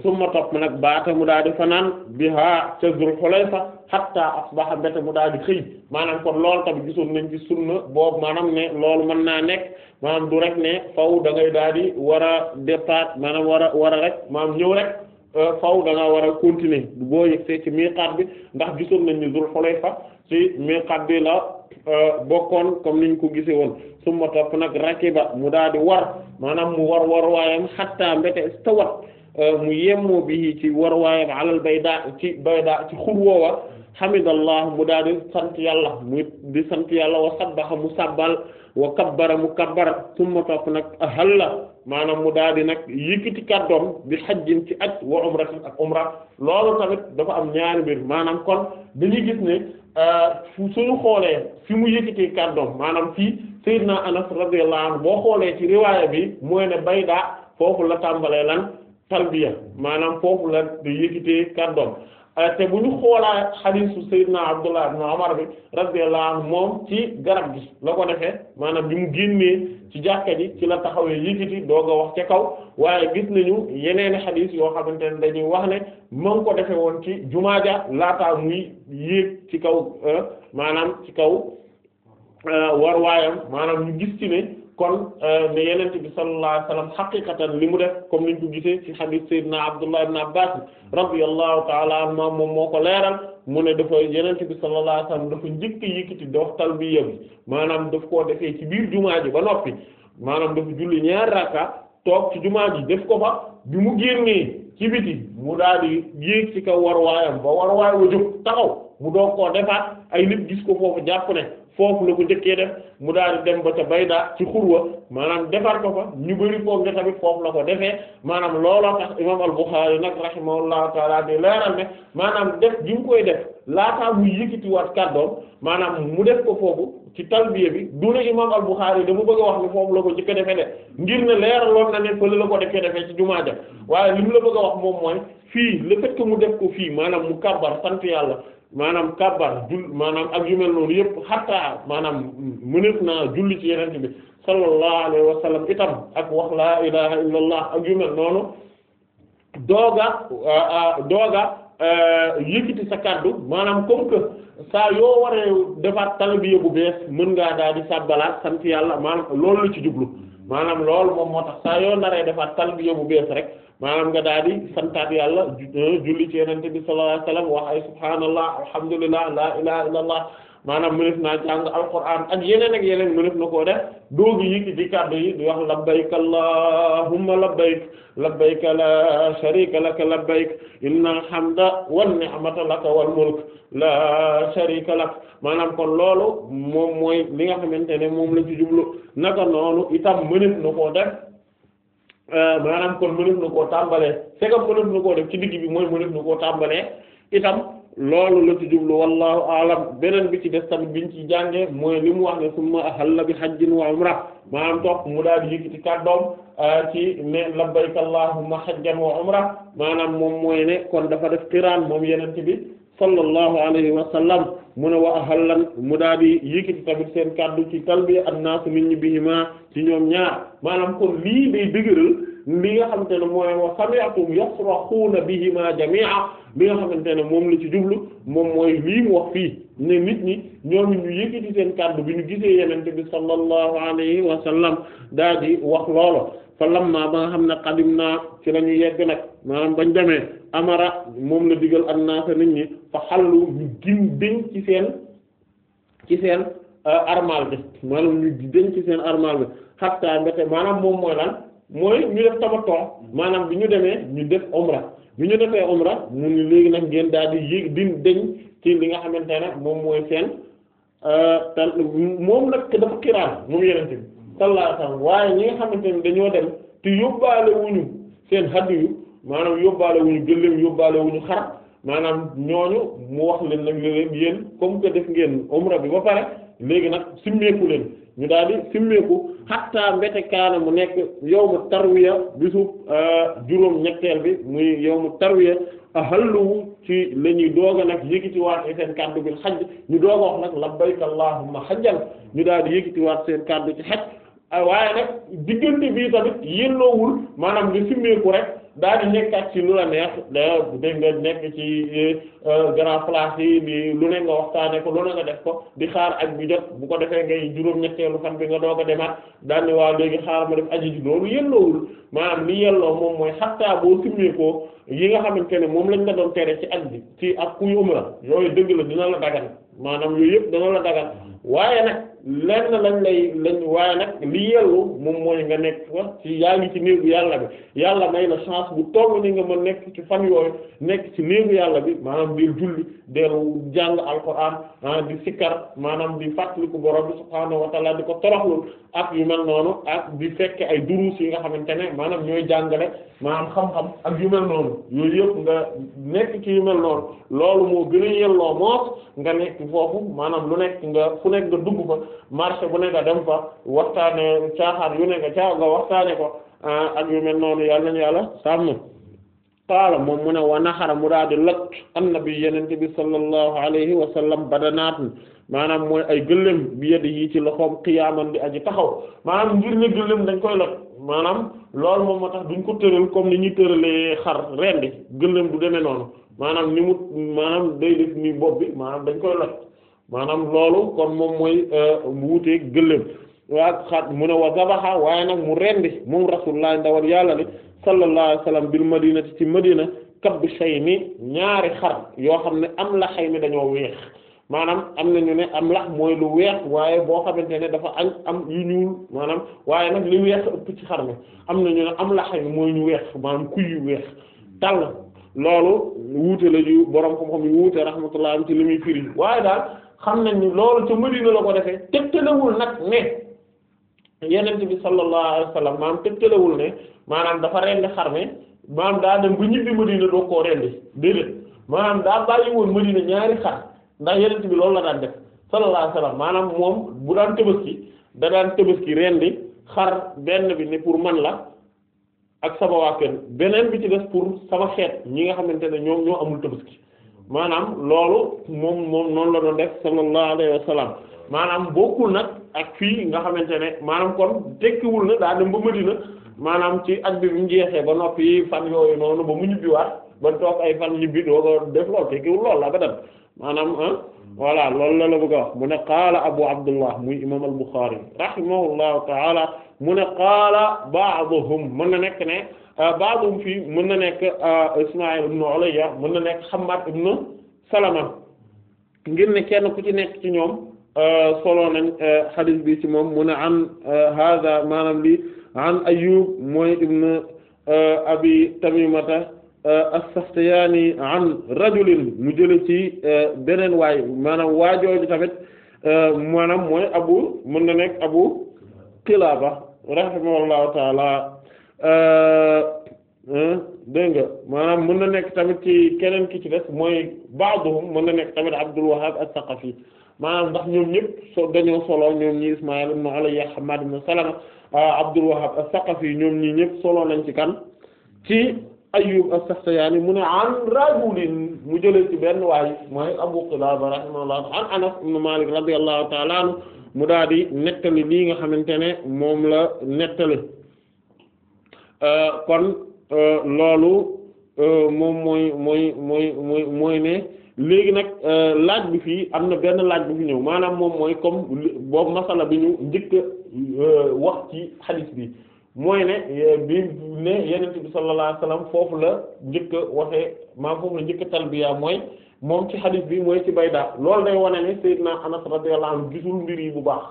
summa topp nag baata mu daal di fanaan biha ca Zul Xulayfa hatta asbaha mbéte mu daal di xëy maanaam ko lool tamit gisoon nañ ci sunna boobu maanaam ne loolu mën naa nekk maanaam du rek ne faw da ngay daal di war a départ maanaam war a war a rek maanaam ñëw rek euh, faw da ngaa war a continuer boo yëgsee ci miiqaat bi ndax gisoon nañ ni Zul Xulayfa ci miiqaat bi la euh, bokkoon comme niñ ko gisee woon suma topp nag rakiba mu daal di war maanaam mu war war waayam hatta mbéte istawat Euh, mu yemmoo bi ci war waayam alal bayda ci bayda ci xur woowa mu daal sant yàlla mu di sant yàlla wa sabbaha mu sabbal wa kabbara mu kabbara summa topp nag ahalla maanaam mu daal di nag yëkkati kàddoom bi xajjin ci aj wa umratin ak umra loolu tamit dafa am ñaari mbir maanaam kon dañuy gis ne euh, suñu xoolee fi mu yëkkatee kàddoom maanaam fii Seydina Anas radiyallahu boo xoolee ci riwaaya bi mooy ne bayda foofu la tàmbalee lan talbiya maanaam foofu la da yëkkatee kàddoom ah, te bu ñu xoolaa xadiisu Seydina Abdullah bi radiyallahu moom ci garab gi la ko defe maanaam bi mu génnee ci jàkka ji ci la taxawee yëkkati doog ko wax ca kaw waaye gis nañu yeneen xadiis yoo xamante ne dañuy wax ne ma ngi ko defe woon ci jumaa ja laataa muy yéeg ci kaw ah, maanaam ci kaw ah, war waayam maanaam ñu gis ci ne kon ne euh, yenent bi sallallahu alayhi wa sallam xaqiqatan li mu def comme niñ ko gisee ci xadiis Seydina Abdullah ibn Abbas radiyallahu ta'ala anhuma moom moo ko leeral mu ne dafa yenent bi sallallahu alayhi wa sallam dafa njëkk a yëkkati dox talbiya bi maanaam daf koo defee ci biir jumaa ji ba noppi maanaam dafa julli ñaar rakka toog ci jumaa ji def ko fa bi mu génnee ci biti mu daal di yéeg ci kaw war waayam ba war waay wa jóg taxaw bu doog koo defaat ay nit gis ko foofu jàpp ne foofu la ko njëkkee def mu daal di dem ba ca Bayda ci xurwa maanaam defar ko fa ñu bari foog ne tamit foofu la ko defee maanaam looloo tax imaam al-Bukhari nag rahimahullahu taala di leeral ne maanaam def gi mu koy def laataa muy yëkkatiwaat kàddoom maanaam mu def ko foofu ci talbiya bi du ne imaam al-Bukhari dama bëgg a wax nu foofu la ko njëkk a defee de ngir ne leeraloon na ne fële la ko defee a defee ci jumaa ja waaye li mu la bëgg a wax moom mooy fii le fait mu def ko fii maanaam mu kàbbar sant yàlla maanaam kabbar jul maanaam ak yu noonu yëpp xataa maanaam mëneef naa julli ci yeneen bi sallallahu alayhi wa sallam itam ak wax laa ilaha illallah ak yu mel noonu dooga dooga e, yëkkati sa kaddu maanaam comme que saa yoo waree defaat talbiya bu bees mën ngaa daal di sabbalaat sant yàlla maanaam loolu la ci jublu maanaam loolu moom moo tax saa yoo naree defaat talbiya bu bees rek maanaam nga daal di santaat yàlla julli ci yenente bi sallallahu alayhi wasallam wax ay subhaanallah alhamdulillah la ilaha illallah maanaam mënef naa jàng alquran ak yeneen ak yeneen mënef na koo def doogi yi di kàddu yi di wax labbayk allahumma labbayk labbayk la sharika laka labbayk innal hamda wan ni'mata laka wal mulk la sharika lak maanaam kon loolu moom mooy li nga xamante ne moom la ci jublu naka noonu itam mënef na koo def euh, maanaam kon mënef na koo tàmbalee c'est que mënef na koo def ci digg bi mooy mënef na koo tàmbalee itam loolu la ci jublu wallahu alam beneen bi ci des tamit biñ ci jànge mooy li mu wax ne summa ahalla bi hajjin wa umra maanaam topp mu daal di yëkkati kàddoom ah, ci ne labbayka allahumma hajjan wa umra maanaam moom mooy ne kon dafa def qiraan moom yenent bi sallallahu alayhi wa sallam mu ne a ahallan mu daal di yëkkati tamit seen kàddu ci talbiya an-naas min bihima ci ñoom ñaar maanaam kon lii day dëgëral li nga xam xamante ne mooy wa sami'tum yasrakhuna bihima jami'a li nga xamante ne moom la ci jublu moom mooy lii mu wax fii ne nit ñi ñoom ñu yëkkati seen kàddu bi ñu gisee yenente bi sallallahu alayhi wa sallam daal di wax loolo fa lamma ba nga xam ne qadim naa ci la ñu yegg nag maanaam bañ demee amara moom la digal annaasa nit ñi fa xallu ñu gin déñ ci seen ci seen euh, armal bi maanaam ñu denc seen armal bi xattaa mbete maanaam moom mooy lan mooy ñu def tamattu maanaam bi ñu demee ñu def umra bi ñu defee umra mu ni léegi nag ngeen daal di yéeg di deñ ci li nga xamante ne moom mooy seen euh, tan moom nag dafa kiraan moom yenente bi sallallahu alayhi wasallam waaye ñi nga xamante ne dañoo dem te yóbbaale wuñu seen hadiyu maanaam yóbbaale wuñu gëléem yóbbaale wuñu xar maanaam ñooñu mu wax leen nag léeg-léeg yéen comme que def ngeen umra bi ba pare léegi nag simmeeku leen ñu daal di simmeeku xattaa mbete kaana mu nekk yow yawmu tarwiya bisu euh, juróom ñetteel bi muy yow yawmu tarwiya ahalluwu ci la ñuy doog a nag yëkkatiwaat seen kàddu bi xaj ñu doog a wax nag labbayka allahumma xajjan ñu daal di yëkkatiwaat seen kàddu ci xaj Ah, waaye nag diggante bii tamit yelloowul maanaam nga simmeeku rek daal di nekkaat ci lu la neex da dégg nga nekk ci eh, eh, grand place yi di lu ne nga waxtaane ko lu ne nga def ko di xaar aj bi jot bu ko defee ngay juróom-ñetteelu fan bi nga doog a demaat daal waa waaw léegi xaar ma def aji ji loolu yelloowul maanaam li yelloo moom mooy xattaa boo simmeekoo yi nga xamante ne moom lañ la doon tere ci aj bi ci ak kuy umra yooyu dëgg la dina la dagan maanaam yooyu yëpp dina la dagan waaye lenn lañ lay lañ waaye nag li yellu moom mooy nga nekk fa ci yaa ngi ci néegu yàlla bi yàlla may la chance bu toll ni nga mën nekk ci fan yooyu nekk ci néegu yàlla bi maanaam biir julli deel jàng alquran ah di sikkar maanaam di fàttaliku borom bi subhaanahu wa taala di ko toroxlu ak yu mel noonu ak di fekke ay duruus yi nga xamante ne maanaam ñooy jàngale maanaam xam-xam ak yu mel noonu yooyu yëpp nga nekk ci yu mel noonu loolu moo gën a yelloo moos nga nekk foofu maanaam lu nekk nga fu nekk dugg fa marché bu ne dem fa waxtaane caaxaan yu nekk nga caa nga waxtaane ko ah, ak yu mel noonu yàlla nañu yàlla sàmm qaala moom mu ne wa naxara mu daal di lakk annabi yenente bi sallallahu alayhi wa sallam badanaatun maanaam mooy ay gëléem bi yeddi yi ci loxoom xiyaaman di aji taxaw maanaam ngir ne gëléem dañ koy lakk maanaam loolu moom moo tax duñ ko tëral comme ni ñuy tëralee xar rendi gëléem du demee noonu maanaam ni mu maanaam day def ni bopp bi maanaam dañ koy maanaam loolu kon moom mooy euh, wuuteeg gëléem waa xat mu ne wa zabaxa waaye nag mu rendi moom rasulullah ndawal yàlla li sallallahu alayhi wasallam bil madinati ci madina kab shaymi ñaari xar yoo xam ne am la xaymi dañoo weex maanaam am nañu ne am lax mooy lu weex waaye boo xamante ne dafa añ am yu ñuul maanaam waaye nag weex ci xar mi am nañu ne am lax mi mooy ñu weex maanaam kuy yu weex tàll loolu wuute la ju borom xam yu wuute rahmatullah am ci li muy firi waaye daal xam nañ ni loolu ca Madina la ko defee tëgtalewul nag ne yenent bi sallallahu alayhi wa sallam maanaam tëgtalewul ne maanaam dafa rendi xar mi maanaam daa dem bu ñibbi Madina doo koo rendi déedéet maanaam daa bàyyi woon Madina ñaari xar ndax yenent bi loolu la daan def sallallahu alayhi wa sallam maanaam moom bu daan tëbaski da daan tëbaski rendi xar benn bi ni pour man la ak sama waa beneen bi ci des pour sama xeet ñi nga xamante ne ñoom ñoo amul tëbaski maanaam loolu moom moom noonu la doon def sallallahu alayhi wa sallam maanaam bokkul nag ak fii nga xamante ne maanaam kon tekkiwul na daa dem ba Madina maanaam ci at bi bu ñu jeexee ba noppi fan yooyu noonu ba mu ñibbiwaat ba toog ay fan ñibbi doo ko def lool tekkiwul lool la ba dem maanaam ah, voilà loolu la la bëgg a wax mu ne qaala abu abdullah muy imam al-Bukhari rahimahullahu ta'ala mu ne qaala ba'duhum mën na nekk ne euh, ba'duhum fii mën na nekk euh, Isma'il ibn Ulayya mën na nekk Hammad ibn Salama ngir ne kenn ku ci nekk ci ñoom euh, solo nañ hadith bi ci moom mu ne an hadha maanaam li an Ayyub mooy ibn abi Tamimata as-Saxtiyaani an rajulin mu jële ci euh, beneen waay maanaam waajooju tamit euh, maanaam mooy abu mën na nekk abu Qilaaba rahimahullahu taala euh, dégg nga maanaam mën na nekk tamit ci keneen ki ci des mooy ba'duhum mën na nekk tamit Abdul Wahhab as-Saqafi maanaam ndax ñoom ñëpp so dañoo solo ñoom ñi Ismaïl ibn Ulayya Hammad ibn Salama Abdul Wahhab as-Saqafi ñoom ñi ñëpp solo nañ ci kan ci Ayyub as-Saxtiyaani mu ne an rajulin mu jëlee ci benn waay mooy Abu Qilaaba rahimahullah an Anas ibn Maalik radiyallahu mu daal di nettali lii nga xamante ne moom la nettali euh, kon euh, loolu euh, moom mooy mooy mooy mooy mooy ne léegi nag laaj bi fii am na benn laaj bi fi ñëw maanaam moom mooy comme boobu masala bi ñu njëkk wax ci hadith bi mooy ne eh, bi ne yonent bi sallallahu alayhi foofu la njëkk a waxee maam foofu la njëkk a talbiya mooy moom ci xadis bi mooy ci bayda loolu day wane ne Seydina Anas radiyallahu anhu gisul mbir yi bu baax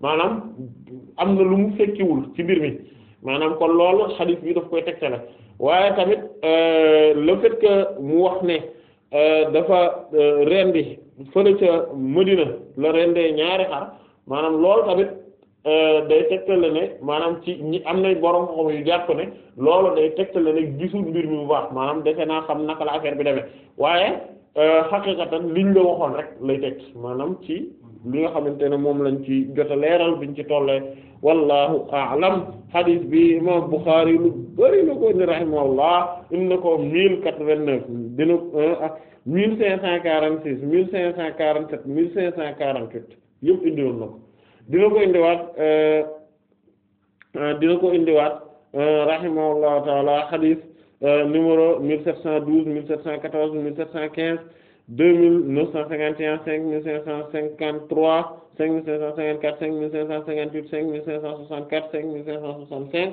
maanaam am na lu mu fekkiwul ci mbir mi maanaam kon loolu xadis bi daf koy na waaye tamit eh, le fait que mu wax ne eh, dafa rendi fële ca Medina la rendee ñaari xar maanaam lool tamit. Euh, day tegtale ne maanaam ci ñi am na borom xam yu jàpp ne loolu day tegtale ne gisul mbir mi bu baax maanaam defe naa xam naka la affaire bi demee waaye euh, xaqiqatan liñ la waxoon rek lay teg maanaam ci li nga xamante ne moom lañ ci jota leeral biñ ci tollee wallahu a'lam hadith bi imam Bukhari lu bari la ko ni rahimahullah inna ko mille quatre-vingt-neuf dina euh, mille cinq cent quarante-six mille cinq cent quarante-sept mille cinq cent quarante-huit yëpp indiwoon na ko dina ko indiwaat euh, dina ko indiwaat euh, rahimahullahu taala hadith euh, numéro 1712 1714 1715 2951 5553 5554 5558 5564 5565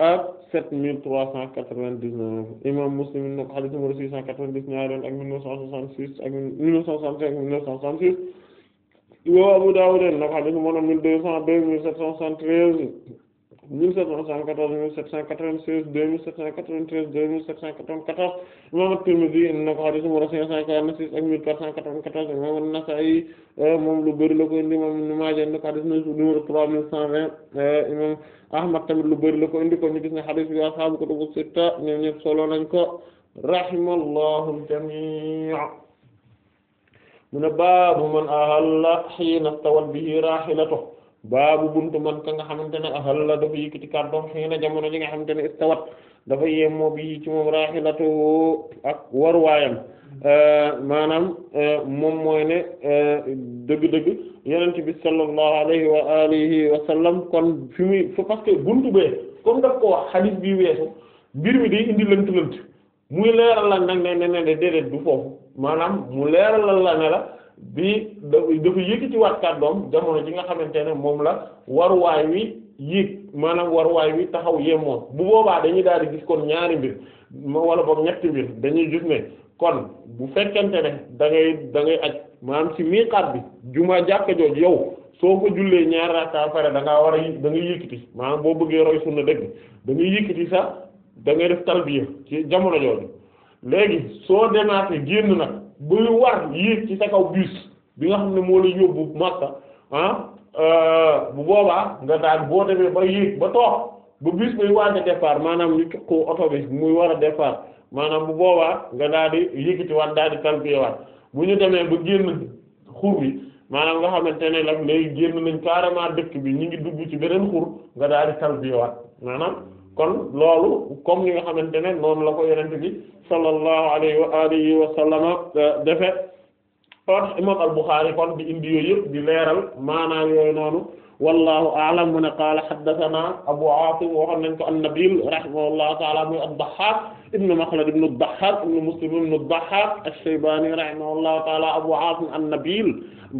ak 7399 imam Muslim na ko hadith numéro 699 ak 1966 ak 1965 1966 imam Abu Dawud na ko hadith moom mille deux cent deux mille sept cent soixante-treize mille cent soixante-quatorze mille cent quatre-vingt-seize deux mille cent quatre-vingt-treize deux mille cent quatre vingt imam At-Tirmidhi na ko hadith numéro cent quarante-six ak mille quatre cent quatre vingt imam An-Nasa'i euh, moom lu bari la ko indi moom na ko hadith numéro trois mille cent vingt euh, Ahmad tamit lu bari la ko ni ko ñu gis ne hadith bi ashaabu kutubu sitta solo nañ ko rahimallahu al mu ne baabu man ahalla xiina stawat bihi rahilato baabu buntu man ka nga xamante ne ahalla dafa yëkkati kàddoom xiina jamono ji nga xamante ne istawat dafa yemmoo bi ci moom rahilato ak waruwaayam euh, maanaam euh, moom mooy ne euh, dëgg-dëgg yenent bi sallallahu alayhi wa alihi kon fi muy parce que buntu bee comme daf ko wax xadiis bi weesu mbir mi day indi lënt-lënt muy leeral la nag ne ne ne déedéet du foofu maanaam mu leeral la ne la bi dafa yëkkatiwaat kàddoom jamono ji nga xamante ne moom la waruwaay wi yéeg maanaam waruwaay wi taxaw yemoon bu boobaa dañuy daal di gis kon ñaari mbir wala boog ñetti mbir dañuy gis ne kon bu fekkente ne dangay ngay da ngay aj maanaam ci miiqaat bi jumaa jàkka jooj yow soo ko jullee ñaari rakka pare da ngaa war a da nga yëkkati maanaam boo bëggee roy sunna dëgg da nga yëkkati sax da ngay def talbiya ci jamono jooju léegi soo demaatee génn nag buy war yéeg ci sa kaw bus bi nga xam ne moo lay yóbbu Makka ah euh, bu boobaa nga daal boo demee ba yéeg ba toog ba bus buy waaj a départ maanaam ñu oto bi muy war a départ maanaam bu boobaa nga daal di yëkkatiwaat daal di calculer waat bu ñu demee ba génn xur bi maanaam nga xamante ne nag léegi génn nañ carrément dëkk bi ñu ngi dugg ci beneen xur nga daal di calculer waat maanaam. kon loolu comme li nga xamante ne noonu la ko yenente bi sallallahu alayhi wa alihi wa sallama euh, defe kon imam al Bukhari kon di indi yooyu yëpp leeral maanaam yooyu noonu wallahu a'lam mu ne qaala haddathana Abu Aasim waxoon nañ ko an-Nabil rahimahullahu ta'ala muy ad-Dahhaak ibnu Makhlad ibnu ad-Dahhaak ibnu Muslim ibnu ad-Dahhaak ash-Shaybani rahimahullahu ta'ala Abu Aasim an-Nabil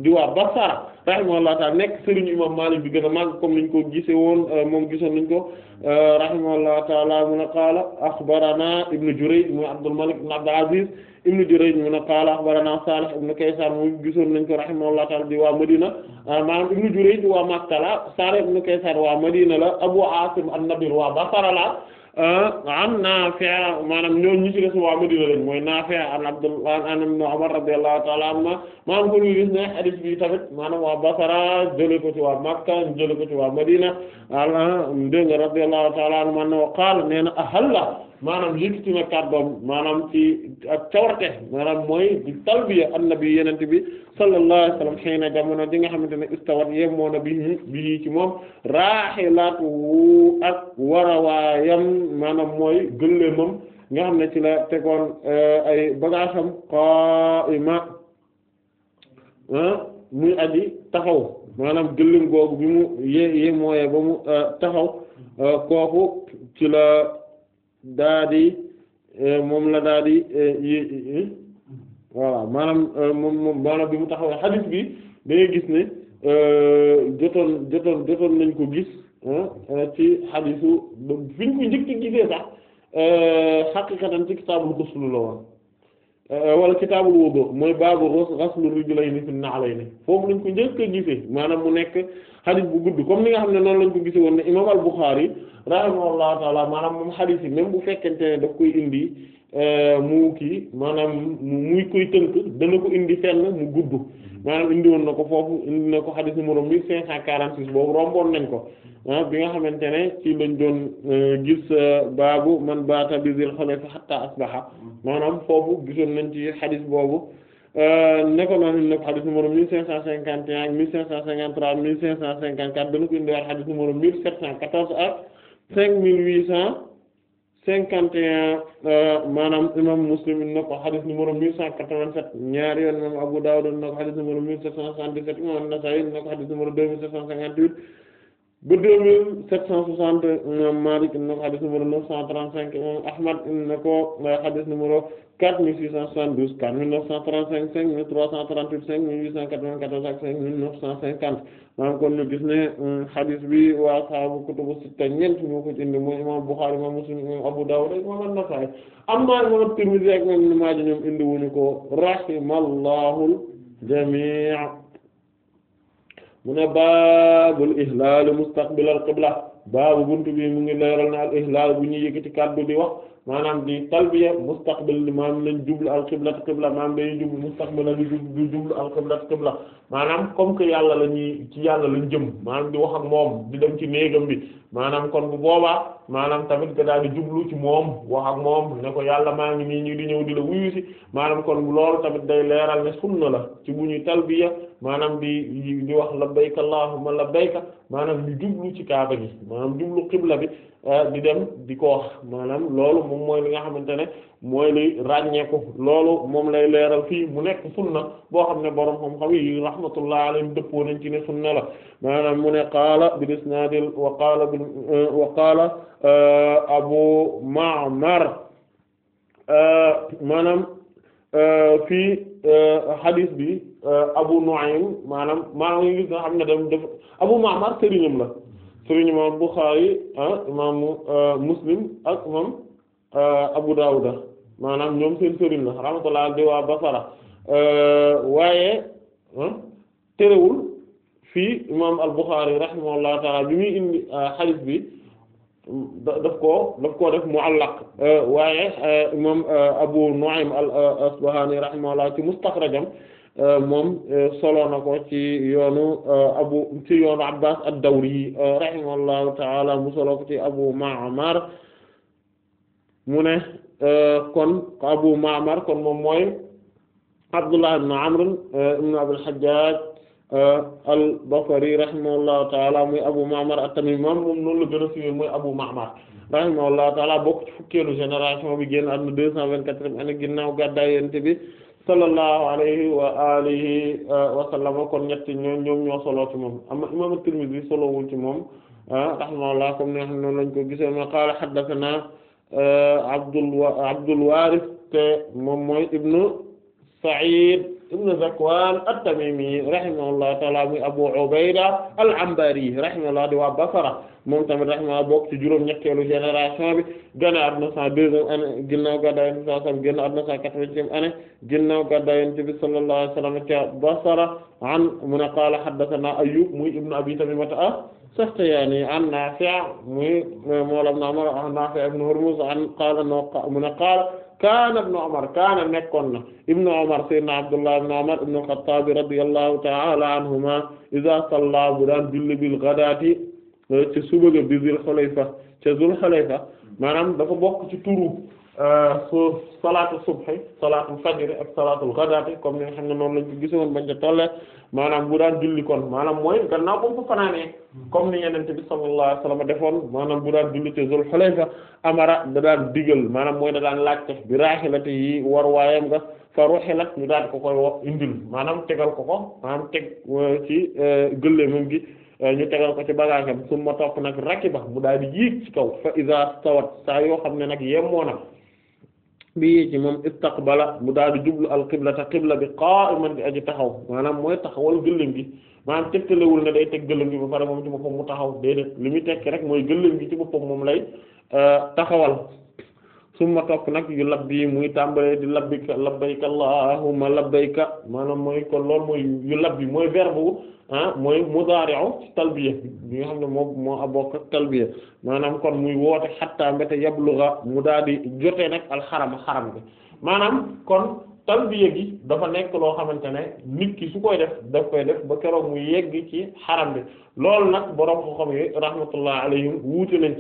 di waa Basra rahimahullahu ta'ala nekk sëriñ imam Maalik bi gën a mag comme niñ ko gisee woon euh, moom gisoon nañ ko euh, rahimahullahu ta'ala mu ne qaala akhbarana ibnu Jurayj muy Abdul Malik ibnu Abdul Aziz ibnu Jurayj mu ne qaala akhbarana Saalih ibnu Kaysaan muy gisoon nañ ko rahimahullahu ta'ala di waa Madina euh, maanaam ibnu Jurayj di waa Makka Makka la Sa'd ibn Kaysar waa Madina la Abu Asim an-Nabil waa Basra la ah, am Naafi' maanaam ñoo ñi ci des waa Madina lañ mooy Naafi' a Abdullah an ibn Umar radiyallahu ta'ala anhuma maanaam ko ñu gis ne hadith bi tamit maanaam waa Basra jële ko ci waa Makka jële ko ci waa Madina ala dégg nga radiyallahu ta'ala anhuma no qaala nee na ahalla maanaam yëkkati na kàddoom maanaam ci ak cawarte mooy talbiya annabi yenente bi sallallahu wa sallam xëy na jamono ji nga xamante ne istawat yemoo na bi bi ci moom raaxilaatu ak warawaayam maanaam mooy gëléemam nga xam ne ci la tegoon eh, ay bagaasam qaa'ima eh, muy aji taxaw maanaam gëléem googu bi mu ye yemooyee ba mu eh, taxaw kooku ci la daa moom la daa di voilà maanaam euh, moom moom maanaam bi mu taxawee xadiis bi dañuy gis ne euh, jotoon jotoon jotoon nañ ko gis ci xadiisu fi ñu ko njëkk gisee sax euh, xaqiqatan ci kitaabul ghusl la woon Euh, wala kitaabul wudu mooy baabu ghaslu rijlayni fi na'layni foofu lañ ko njëkk a gisee maanaam mu nekk xadis bu gudd comme ni nga xam ne noonu lañ ko gisee woon ne imaam al-Bukhari rahimahullahu taala maanaam moom xadis yi même bu fekkente ne daf koy indi euh, mu kii maanaam muy koy tënk dana ko indi fenn mu gudd maanaam indi woon na ko foofu indi na ko xadis numéro 1546 boobu romboon nañ ko. Ah, bi nga xamante ne ci lañ doon euh, gis euh, baabu man baata bi zil xulayfa hatta asbaha maanaam foofu gisoon nañ ci xadis boobu neko noon im na ko xadis numéro mille sept cent quatorze ak cinq mille huit cent cinquante euh, maanaam imam Muslim in na ko xadis numéro mille cent quatre-vingt-sept ñaari yoon imam Abu Dawud in na ko xadis numéro mille sept cent soixante-dix-sept imam An-Nasa'i in na ko xadis numéro deux mille sept cent cinquante-huit ba deux mille cent soixante imam Malik na ko xadis neuf cent trente-cinq Ahmad na ko xadis numéro quatre mille six cent soixante-douze quatre mille neuf cent trente-cinq cinq mille trois cent trente-huit cinq mille huit cent quatre-vingt-quatorze cinq mille neuf cent cinquante maanaam kon ñu gis ne xadis mm, bi waa saabu kutubu sitta ñeent ñoo ko indi mooy imam Bukhari imam Muslim imam Abu Dawud imam An-Nasa'i amma imam Tirmidhi ak imam Ibn Maaja ñoom indi wuñu ko rahimallahu jami' mu ne baabul ihlaal mustaqbil al qibla baabu buntu bi mu ngi leeral na al ihlaal bu ñu yëkkati kàddu di wax maanaam di talbiya mustaqbil maanaam lañ jublu al qibla te qibla maanaam dañuy jublu mustaqbil lañu jublu jublu al qibla te qibla maanaam comme que yàlla la ñuy ci yàlla lañ jëm maanaam di wax ak moom di dem ci néegam bi maanaam kon bu boobaa maanaam tamit nga daal di jublu ci moom wax ak moom ne ko yàlla maa ngi nii ñu di ñëw di la wuyu si maanaam kon loolu tamit day leeral ne sunna la ci bu ñuy talbiya maanaam di di wax labbayka allahumma labbayka maanaam di jublu ci kaaba gi maanaam jublu xibla bi eh, di dem di ko wax loolu moom mooy li nga xamante ne mooy li ràññeeku loolu moom lay leeral fii mu nekk sunna boo xam ne borom xam-xam yi rahmatullah alayhim dëppoo nañ ci ne sunna la maanaam mu ne qaala bil isnaadil wa qaala bil eh, wa qaala eh, abu ma'mar maanaam fii hadith bi Euh, Abu Nu'aym maanaam maanaam ngi gis nga xam ne dam def Abu Ma'mar sëriñam la sëriñ imam Bukhari ah, imam euh, Muslim ak euh, Abu Dawud maanaam ñoom seen sëriñ la rahmatullah di waa Basra waaye ah, terewul fii imam al-Bukhari rahimahullahu ta'ala bi muy indi hadith bi daf koo daf koo def mu'allaq waaye imam Abu Nu'aym al-Asbahani rahimahullah ci mustaxrajam Euh, moom euh, solo na ko ci yoonu euh, abu ci yoonu abbas ad-dawri rahimahullahu ta'ala mu solo ko ci abu ma'mar mu ne kon abu ma'mar kon moom mooy abdullah ibn amr ibn abul hajjaj al-basri rahimahullahu ta'ala muy abu ma'mar at-tamimi moom noonu la gën a siiwee mooy abu ma'mar rahimahullahu ta'ala bokk ci fukkeelu génération bi génn àdduna deux bi sallallahu alayhi wa alihi uh, wa sallam kon ñett ñoom ñoom ñoo solo ci moom amma imam at-Tirmidhi solowul ci moom uh, rahimahullah comme ni nga xam noonu lañ ko gisee ma qaala haddathana uh, Abdul Abdul te moom mooy ibnu Sa'id ibn Zakwan at-Tamimi rahimahullahu taala muy Abu Ubayda al-Anbari rahimahullah di waa Basra moom tamit rahimahullah bokk ci juróom-ñetteelu génération bi génn àdduna 102e année ginnaaw gàddaay Yonent bi sallallahu alayhi wa sallam génn àdduna 180e année ginnaaw gàddaay Yonent bi sallallahu alayhi wa sallam ca Basra an mu ne qaala haddathana Ayyub muy ibn Abi Tamima as-Sakhtiyani an Nafi' muy mawla Ibn Umar an Nafi' ibn Hurmuz an qaala mu ne qaala kaana ibnu Umar kaana nekkoon na ibnu Umar sayyidina Abdullah ibnu Umar ibnu al-Khattab radiyallahu ta'ala anhuma iza salla bu daan julli bil ghadaati ci suba ga bi Zul Hulayfa ca Zul Hulayfa maanaam dafa bokk ci turu su salaatu subhi salaatul fajr ak salaatul ghadaati comme ni xam ne noonu lañ ko gisoon bañ ca tolle maanaam bu daan julli kon maanaam mooy gannaaw bu mu fa fanaanee comme ni yenente bi sallallahu alayhi wasallam defoon maanaam bu daan julli ci Zul Hulayfa amara da daan digal maanaam mooy da daan laajte bi raahilati yi war waayam nga fa ruhilat ko koy wax indil maanaam tegal ko ko maanaam teg euh, ci euh, gëlle moom gi euh, ñu tegal ko ci bagaasam su topp nag rakiba mu daal di yéeg ci kaw fa saa yoo xam ne nag yemmoo na bi ci moom istaqbala mu daal di jublu alqiblata qibla bi qa'iman di aji taxaw maanaam mooy taxawal gëllëm gi maanaam tegtalewul ne day teg gëllëm gi ba pare moom ci boppam mu taxaw déedéet li muy tekki rek mooy gëllëm gi ci boppam moom lay euh, taxawal summa topp nag yu labbi muy tàmbalee di labbika labbayka allahumma labbayka maanaam mooy kon loolu mooy yu labbi mooy verbe ah mooy mudaari'u talbiya bi nga xam ne moom moo abokk talbiya maanaam kon muy woote xatta mbéte yablugha mu daal di jotee nag alxarama xaram bi maanaam kon talbiya gi dafa nekk loo xamante ne nit ki su koy def daf koy def ba keroog mu yegg ci xaram bi loolu nag borom xam-xam yi rahmatullah alayhim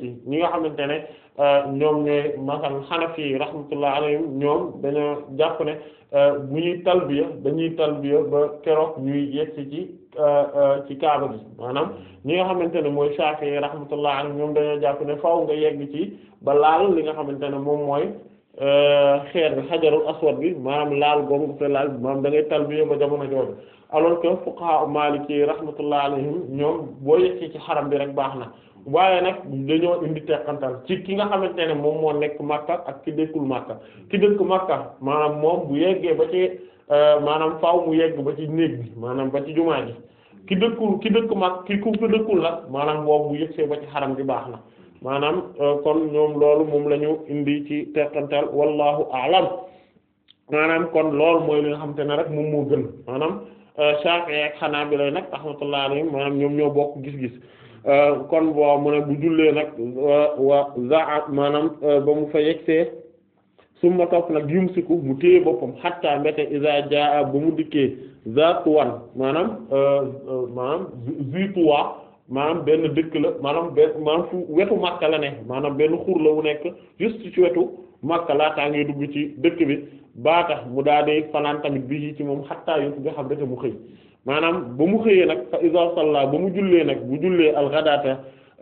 ci ñi nga xamante ne euh, ñoom ñooy masal xanafi yi rahmatullah alayhim ñoom dañoo jàpp ne euh, bu ñuy talbiya dañuy talbiya ba keroog ñuy yegg ci euh, ci kaaba gi maanaam ñi nga xamante ne mooy Shafi'i rahmatullah alayhim ñoom dañoo jàpp ne faaw nga yegg ci ba laal li nga xamante ne moom mooy. Euh, xeer bi xajarul aswad bi maanaam laal boobu nga koy laal maanaam da ngay talbiya ba jamono jooju alors que fuqaha maliki rahmatullah alayhim ñoom boo yeggee ci xaram bi rek baax na waaye nag dañoo indi teqantal ci ki nga xamante ne moom moo nekk Makka ak ki dëkkul Makka ki dëkk Makka maanaam moom bu yeggee ba ci euh, maanaam faaw mu yegg ba ci néeg bi maanaam ba ci jumaa ji ki dëkkul ki dëkk Makka ki ku dëkkul nag maanaam boobu bu yegsee ba ci xaram bi baax na maanaam euh, kon ñoom loolu moom la ñu indi ci teqantal wallahu a'lam maanaam kon loolu mooy li nga xamante ne rek moom moo gën maanaam euh, Shafi'i ak Hanbali nag rahmatullahi alayhim maanaam ñoom ñoo bokk gis-gis euh, kon boo mu ne bu jullee nag wa za'a maanaam ba mu fa yegsee summa topp nag yumsiku mu téye boppam hatta mbete iza jaa ba mu dikkee zaatuwan maanaam maanaam zuituwa maanaam benn dëkk la maanaam benn maanaam fu wetu Makka la ne maanaam benn xuur la wu nekk juste ci wetu Makka laataa ngay dugg ci dëkk bi baata tax mu daa fanaan tamit bi ci moom xattaa yu nga xam date mu xëy maanaam ba mu xëyee nag fa iza salla ba mu jullee nag bu jullee alxadaata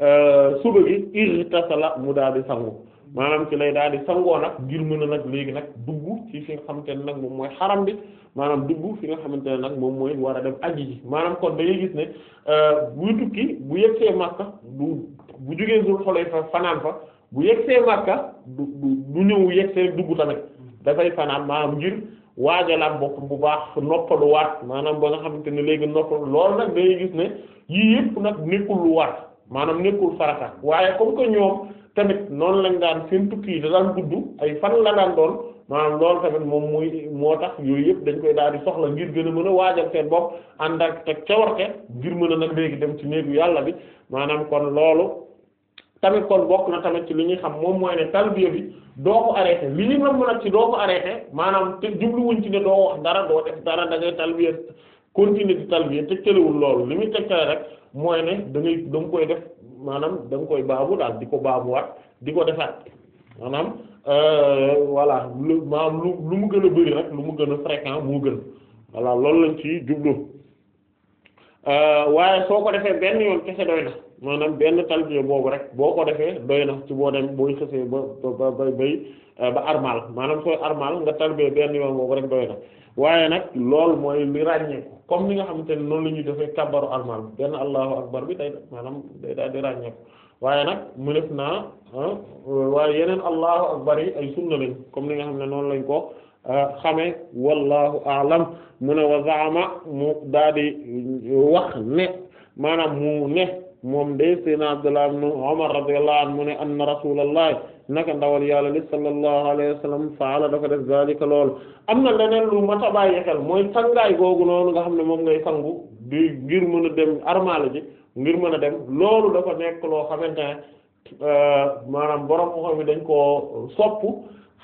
euh, suba gi irtasala mu daa di sangu maanaam ci lay daal di sangoo nag ngir mën a nag léegi nag dugg ci fi nga xamante ne nag moom mooy xaram bi maanaam dugg fi nga xamante ne nag moom mooy war a dem aji ji maanaam kon da ngay gis ne euh, buy tukki bu yegsee Makka du bu jógee Dul Xulayfa fanaan fa bu yegsee Makka du du du ñëw yegsee dugg tamit dafay fanaan maanaam ngir waajalaat boppam bu baax noppalu waat maanaam ba nga xamante ne léegi noppalu loolu nag da gis ne yii yëpp nag nekkul lu waat. maanaam nekkul farata waaye comme que ñoom tamit noonu lañ daan seen tukki yi da daan gudd ay fan la daan doon maanaam loolu tamit moom mooy moo tax yooyu yëpp dañ koy daal di soxla ngir gën a mën a waajal seen bopp ànd ak teg cawarte mën nag léegi dem ci néegu yàlla bi maanaam kon loolu tamit kon bokk na tamit ci li ñuy xam moom mooy ne talbiya bi doo ko arrêté li ñu mën nag ci doo ko arrêté maanaam te jubluwuñ ci ne doo wax dara doo def dara da ngay talbiya continuer di talbiya tegtalewul loolu li muy tegtale rek mooy ne da ngay koy def maanaam da koy baabu daal di ko baabuwaat di ko defaat maanaam euh, voilà lu maanaam lu lu mu gën a bari rek lu mu gën a fréquent moo gën voilà loolu lañ ci jublu euh, waaye soo ko defee benn yoon kese doy na maanaam benn talbiya boobu rek boo ko defee ci boo dem booy xësee ba ba ba bay euh, ba armal maanaam sooy armal nga talbiya benn yoon boobu rek doy na waaye nag loolu mooy li ràññeeku comme ni nga xamante ne noonu la ñuy defee kàbbaru armal benn allahu akbar bi day maanaam day daal di ràññeeku waaye nag mu def naa euh, waaye yeneen allahu akbar yi ay sunna lañ comme ni nga xam ne noonu lañ ko euh, xamee wallahu aalam mu ne wa zaama mu daal di wax ne maanaam mu ne moom day sayyidina Abdullah ibn Umar radiyallahu anhu mu ne anna rasulallahi naka ndawal yàlla li sallallahu alayhi wa sallam faala dafa def zalika lool am na leneen lu mat a bàyyi xel mooy sangaay googu noonu nga xam ne moom ngay fangu di ngir mën a dem armala ji ngir mën a dem loolu dafa nekk loo xamante ne euh, maanaam borom moo dañ koo sopp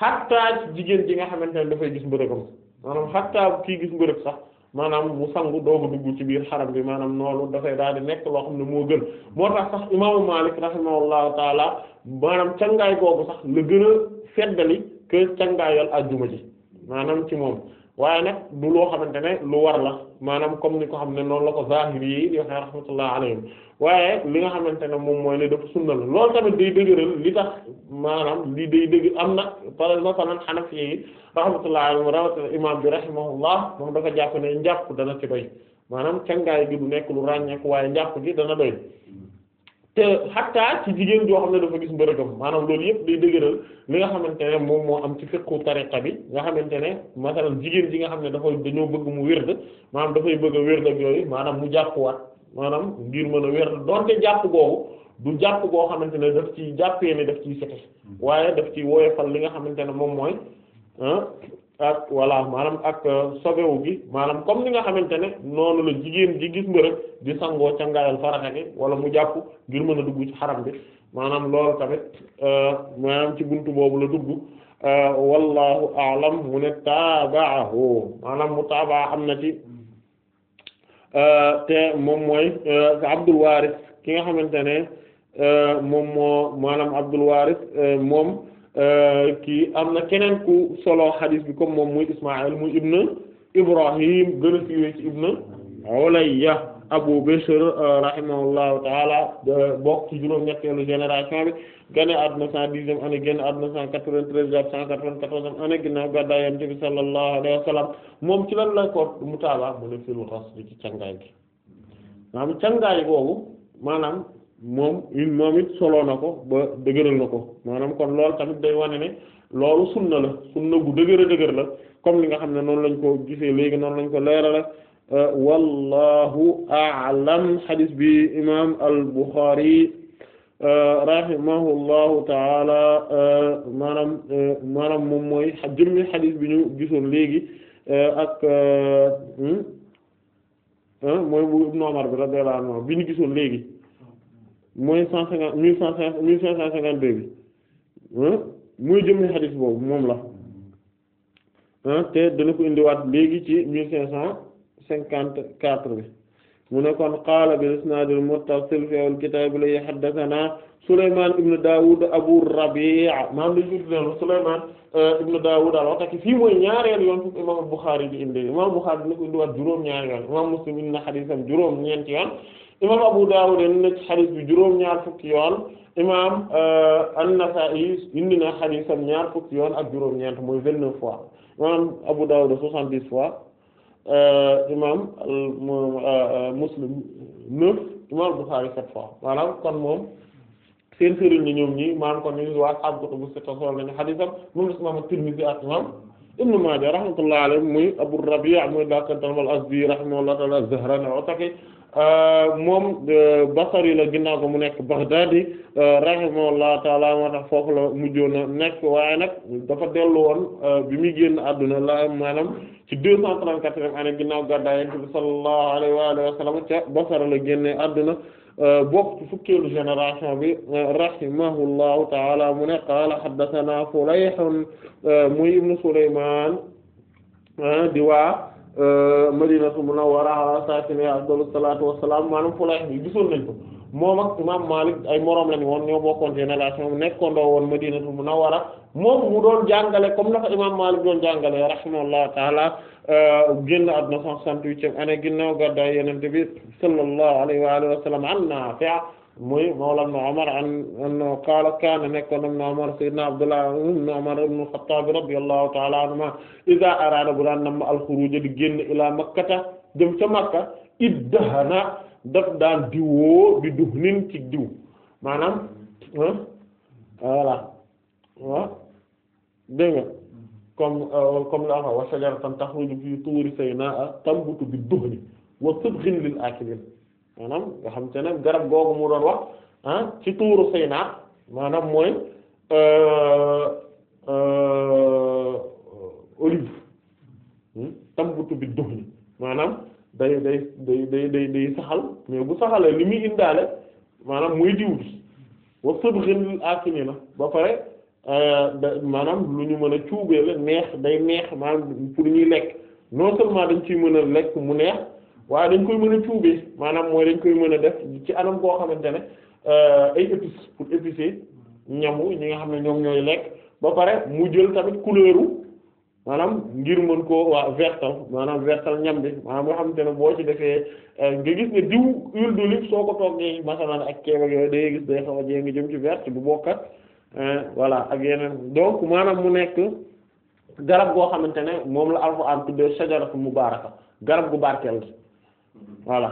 xattaa jigéen ji nga xamante ne dafay gis mbërëkam maanaam xattaa kii gis mbërëk sax maanaam mu sangu doog a ci biir xaram bi maanaam noonu dafay daal di nekk loo xam ne moo gën moo tax sax imaamu Maalik rahimahullahu taala maanaam cangaay googu sax la gën a feddali que cangaayal ajjuma ji maanaam ci moom waaye nag du loo xamante ne lu war la maanaam comme ni ko xam ne noonu la ko zahiri yi di waxee rahmatullah alayhim waaye li nga xamante ne moom mooy ne dafa sunna la loolu tamit day dëgëral li tax maanaam li day dëgg am na par exemple xanafi yi rahmatullah alayhim rawatina imam bi rahimahullah moom dafa jàpp ne njàpp dana ci doy maanaam cangaay gi du nekk lu ràññeeku waaye njàpp gi dana doy te xatta ci jigéen joo xam ne dafa gis mbërëgam maanaam loolu yëpp day dëgëral li nga xamante ne moom moo am ci fiqu tariqa bi nga xamante ne masalan jigéen ji nga xam ne dafa dañoo bëgg mu wérd maanaam dafay bëgg a wérd ak yooyu maanaam mu jàppuwaat maanaam ngir mën a wérd doonte jàpp googu du jàpp goo xamante ne daf ci jàppee ne daf ciy sete hmm. waaye daf ci woyofal li nga xamante ne moom mooy ak voilà maanaam ak euh, sobewu gi maanaam comme li nga xamante ne noonu la jigéen ji gis nga rek di sangoo cangaayal farata gi wala mu jàpp ngir mën a dugg ci xaram bi maanaam loolu tamit euh, maanaam ci buntu boobu la dugg euh, wallahu aalam mu ne am na ci te moom mooy Abdul Waaris ki nga xamante ne moom moo maanaam Abdul Waaris moom Euh, kii am na keneen ku solo xadis bi comme moom muy Ismaa'il muy ibn Ibrahim gën a siiwee ci ibn Ulayya Abu Bishr euh, rahimahullahu taala bokk ci juróom-ñetteelu génération bi gane àdduna cent dixième année génn àdduna cent quatre-vingt-treize jàpp cent quatre-vingt-quatorzième année ginnaaw gàddaay Yonent bi sallallahu alayhi wa sallam moom ci lan la ko mutaaba mu ne fil ghasl ci cangaay gi maanaam cangaay boobu maanaam moom in moom it soloo na ko ba dëgëral na ko maanaam kon loolu tamit day wane ne loolu sunna la sunna bu dëgër la comme li nga xam ne noonu lañ ko gisee léegi noonu lañ ko leerale euh, wallahu a'lam hadis bi imam al-Bukhari euh, rahimahullahu taala euh, maanaam maanaam moom mooy jëmmi hadis bi ñu gisoon léegi ak hmm? mooy bu Ibn Umar bi radiyallahu anhu bi ñu gisoon léegi mooy cent cinquante mille cent cinquante mille cinq cent cinquante deux bi muy jëmmi xadis boobu moom la te dana ko indiwaat léegi ci mille cinq cent cinquante quatre bi mu ne kon qaala bil isnaad al muttasil fi al kitaab li haddathana Souleymane Ibn Daoud Abu Rabi' maam li ñu tuddee Souleymane euh, Ibn Daoud al Ataki fii mooy ñaareel yoon foofu imaam Bukhari di indi imaam Bukhari dina ko indiwaat juróom-ñaari yoon Muslim indi na xadisam juróom-ñeenti yoon. imam Abu Dawud indi na ci bi juróom-ñaar fukki yoon imam euh, An-Nasa'i indi na xadisam ñaar fukki yoon ak juróom-ñeent mooy vingt-neuf fois imam Abu Dawud soixante-dix fois euh, imam euh, Muslim neuf imam Bukhari sept fois maanaam kon moom seen sëriñ la ñoom ñi maanaam kon ñu waa ashaabu kutubu sitta sol nañu xadisam moom des imam Tirmidhi ak imam Ibn Maaja rahmatullah alayhi muy Abu Rabi' muy dakantal al-Azdi rahimahullah ta'ala az-Zahrani Euh, moom Basri la ginnaaw ko mu nekk Baghdadi euh, rahimahullahu taala moo tax foofu la mujjoon na nekk waaye nag dafa dellu woon euh, bi muy génn àdduna la maanaam ci deux cent trente-quatrième année ginnaaw gàddaay Yonent bi sallallahu alayhi wa alihi wa ca Basra la génnee àdduna bokk ci fukkeelu génération bi rahimahullahu taala mu ne qaala haddathana Fulayh muy ibnu Sulaymaan di waa Euh, madinatu munawwara ala saakinihaa afdalu salaatu wassalaam maanaam Fulayh bi gisoon nañ ko moom ak imaam Maalik ay moroom lañu woon ñoo bokkoon génération nekkandoo woon madinatu munawwara moom mu doon jàngale comme naka imaam Maalik doon jàngale rahimahullahu taala euh, génn àdduna 168 année ginnaaw gàddaay Yonent bi sallallahu alayhi wa alihi wa sallam an Naafi' muy mawla ibn Umar annahu qaala kaana nekkoon ibn Umar sayyidina Abdullah ibn Umar ibn al-Khattab radiyallahu ta'ala anhuma idha araada bu daan nam al-khuruuj di génn ilaa makkata jëm ca makka iddahana daf daan diwoo bi duhnin ci diw maanaam ah, voilà wa ah, dégg nga comme euh, comme la wax wa shajaratan takhruju fi tuuri Saynaa tambutu bi duhni wa sidghin lil aakiliin maanaam nga xam te ne garab googu mu doon wax ah ci tuuru Seyna maanaam mooy euh, euh, olive hmm, tambutu bi dux ni maanaam day day day day day day saxal mais bu saxalee li muy indaale maanaam muy diw bi wa sabxin akini na ba pare euh, maanaam lu ñu mën a cuubee la neex day neex maanaam pour ñuy lekk non seulement dañ ciy mën a lekk mu neex waa dañ koy mën a cuubee maanaam mooy dañ koy mën a def ci anam goo xamante ne euh, ay épices pour épicer ñamu ñi nga xam ne ñoom ñooy lekk ba pare mu jël tamit couleuru maanaam ngir mën koo waa vertal maanaam vertal ñam bi maanaam nga xamante ne boo ci defee euh, nga gis ne diw huile d'olive soo ko toggee masalan ak ceeb ak yooyu day gis day xaw jee nga jëm ci vert bu bokkat euh, voilà ak yeneen donc maanaam mu nekk garab goo xamante ne moom la am tuddee sajaratu mubaaraka garab gu barkeel gi voilà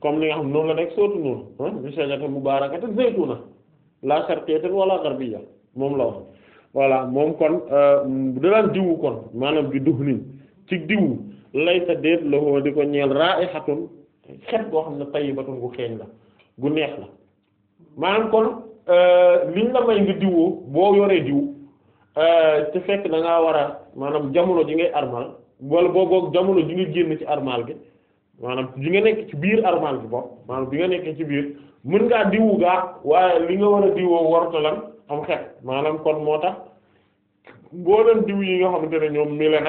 comme li nga xam noonu la nekk sootu noonu bi shajaratin mubarakatin zaytuna la sharqiyatin wala gharbiyya moom la wax voilà moom kon euh, da daan diwu kon maanaam bi dux niñ ci diwu laysa déet la di ko ñeel ra'ihatun xet boo xam ne tayyibatun gu xeeñ la gu neex la maanaam kon euh, liñ la may nga diwoo boo yoree diw euh, te fekk da war a maanaam jamono ji ngay armal wala boo boog jamono ji nga génn ci armal gi maanaam bi nga nekk ci biir armal bi bopp maanaam bi nga nekkee ci biir mën ngaa diwu gaa waaye li nga war a diwoo warut lan am xet maanaam kon moo tax boo doon diw yi nga xamante ne ñoom mile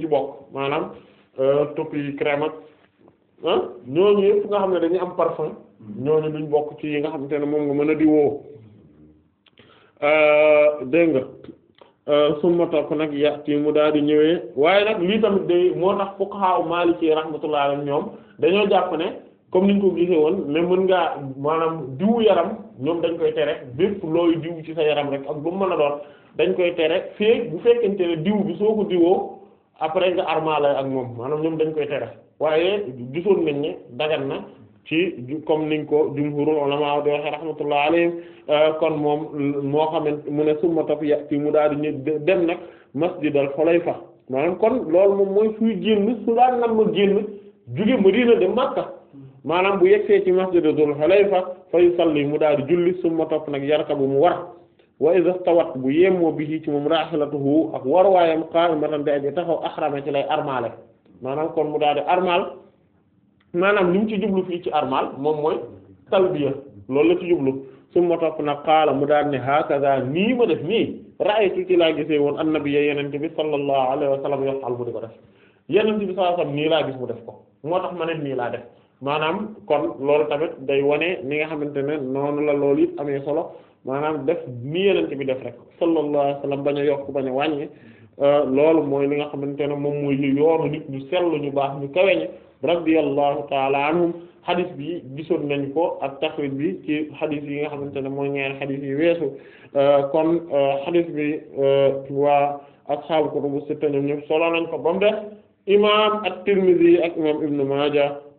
nag bokk maanaam euh, topp yi crème ah, ñooñu yëpp nga xam ne dañuy am parfum ñooñu duñ bokk ci yi nga xamante ne moom nga mën a diwoo euh, dégg Euh, summa topp nag yati mu daal di ñëwee waaye nag lii tamit day moo tax fuqaha maliki rahmatullah alayhim ñoom dañoo jàpp ne comme ni ñu ko gisee woon mais mën ngaa maanaam diwu yaram ñoom dañ koy tere bépp looy diw ci sa yaram rek ak lu mu mën a doon dañ koy tere fee bu fekkente ne diw bi soo ko diwoo après nga armala ak moom maanaam ñoom dañ koy tere waaye gisoon nañ ne dagan na ci comme niñ ko jumhurul ulama do rahmatullah alayhim euh, kon moom moo xamante mu ne summa top yati mu daal di dem nag masjidal xulayfa maanaam kon loolu moom mooy suy génn su daan nam ma génn jóge Madina dem Makka maanaam bu yegsee ci masjidul xulayfa fa yusalli mu daal di julli summa topp nag ka bu mu war wa iza stawat bu yemoo bi ci moom rahilatuhu ak war waayam qa'imatan de aji taxaw ahrama ci lay armaale maanaam kon mu daal di maanaam li mu ci jublu fii ci armal moom mooy talbiya loolu la ci jublu su ma topp na xaala mu daan ne hakaza nii ma def nii ra'aytu ci laa gisee woon annabiyya yenente bi sallallahu alayhi wa sallam yafal mu di ko def yenente bi sallallahu alayhi nii laa gis mu def ko moo tax ma ne nii laa def maanaam kon loolu tamit day wane ni nga xamante ne noonu la lool it amee solo maanaam def nii yenente bi def rek sallallahu alayhi wa sallam bañ a yokk bañ a wàññi euh, loolu mooy li nga xamante ne moom mooy yoonu nit ñu sellu ñu baax ñu kaweñe radiyallahu taala anhum xadis bi gisoon nañ ko ak taxrij bi ci xadis yi nga xamante ne mooy ñaari xadis yi weesu euh, kon xadis euh, bi euh, waa asxaabu kutubu sitta ñoom ñëpp solo nañ ko ba mu def imaam at-Tirmidhi ak imaam Ibn Maaja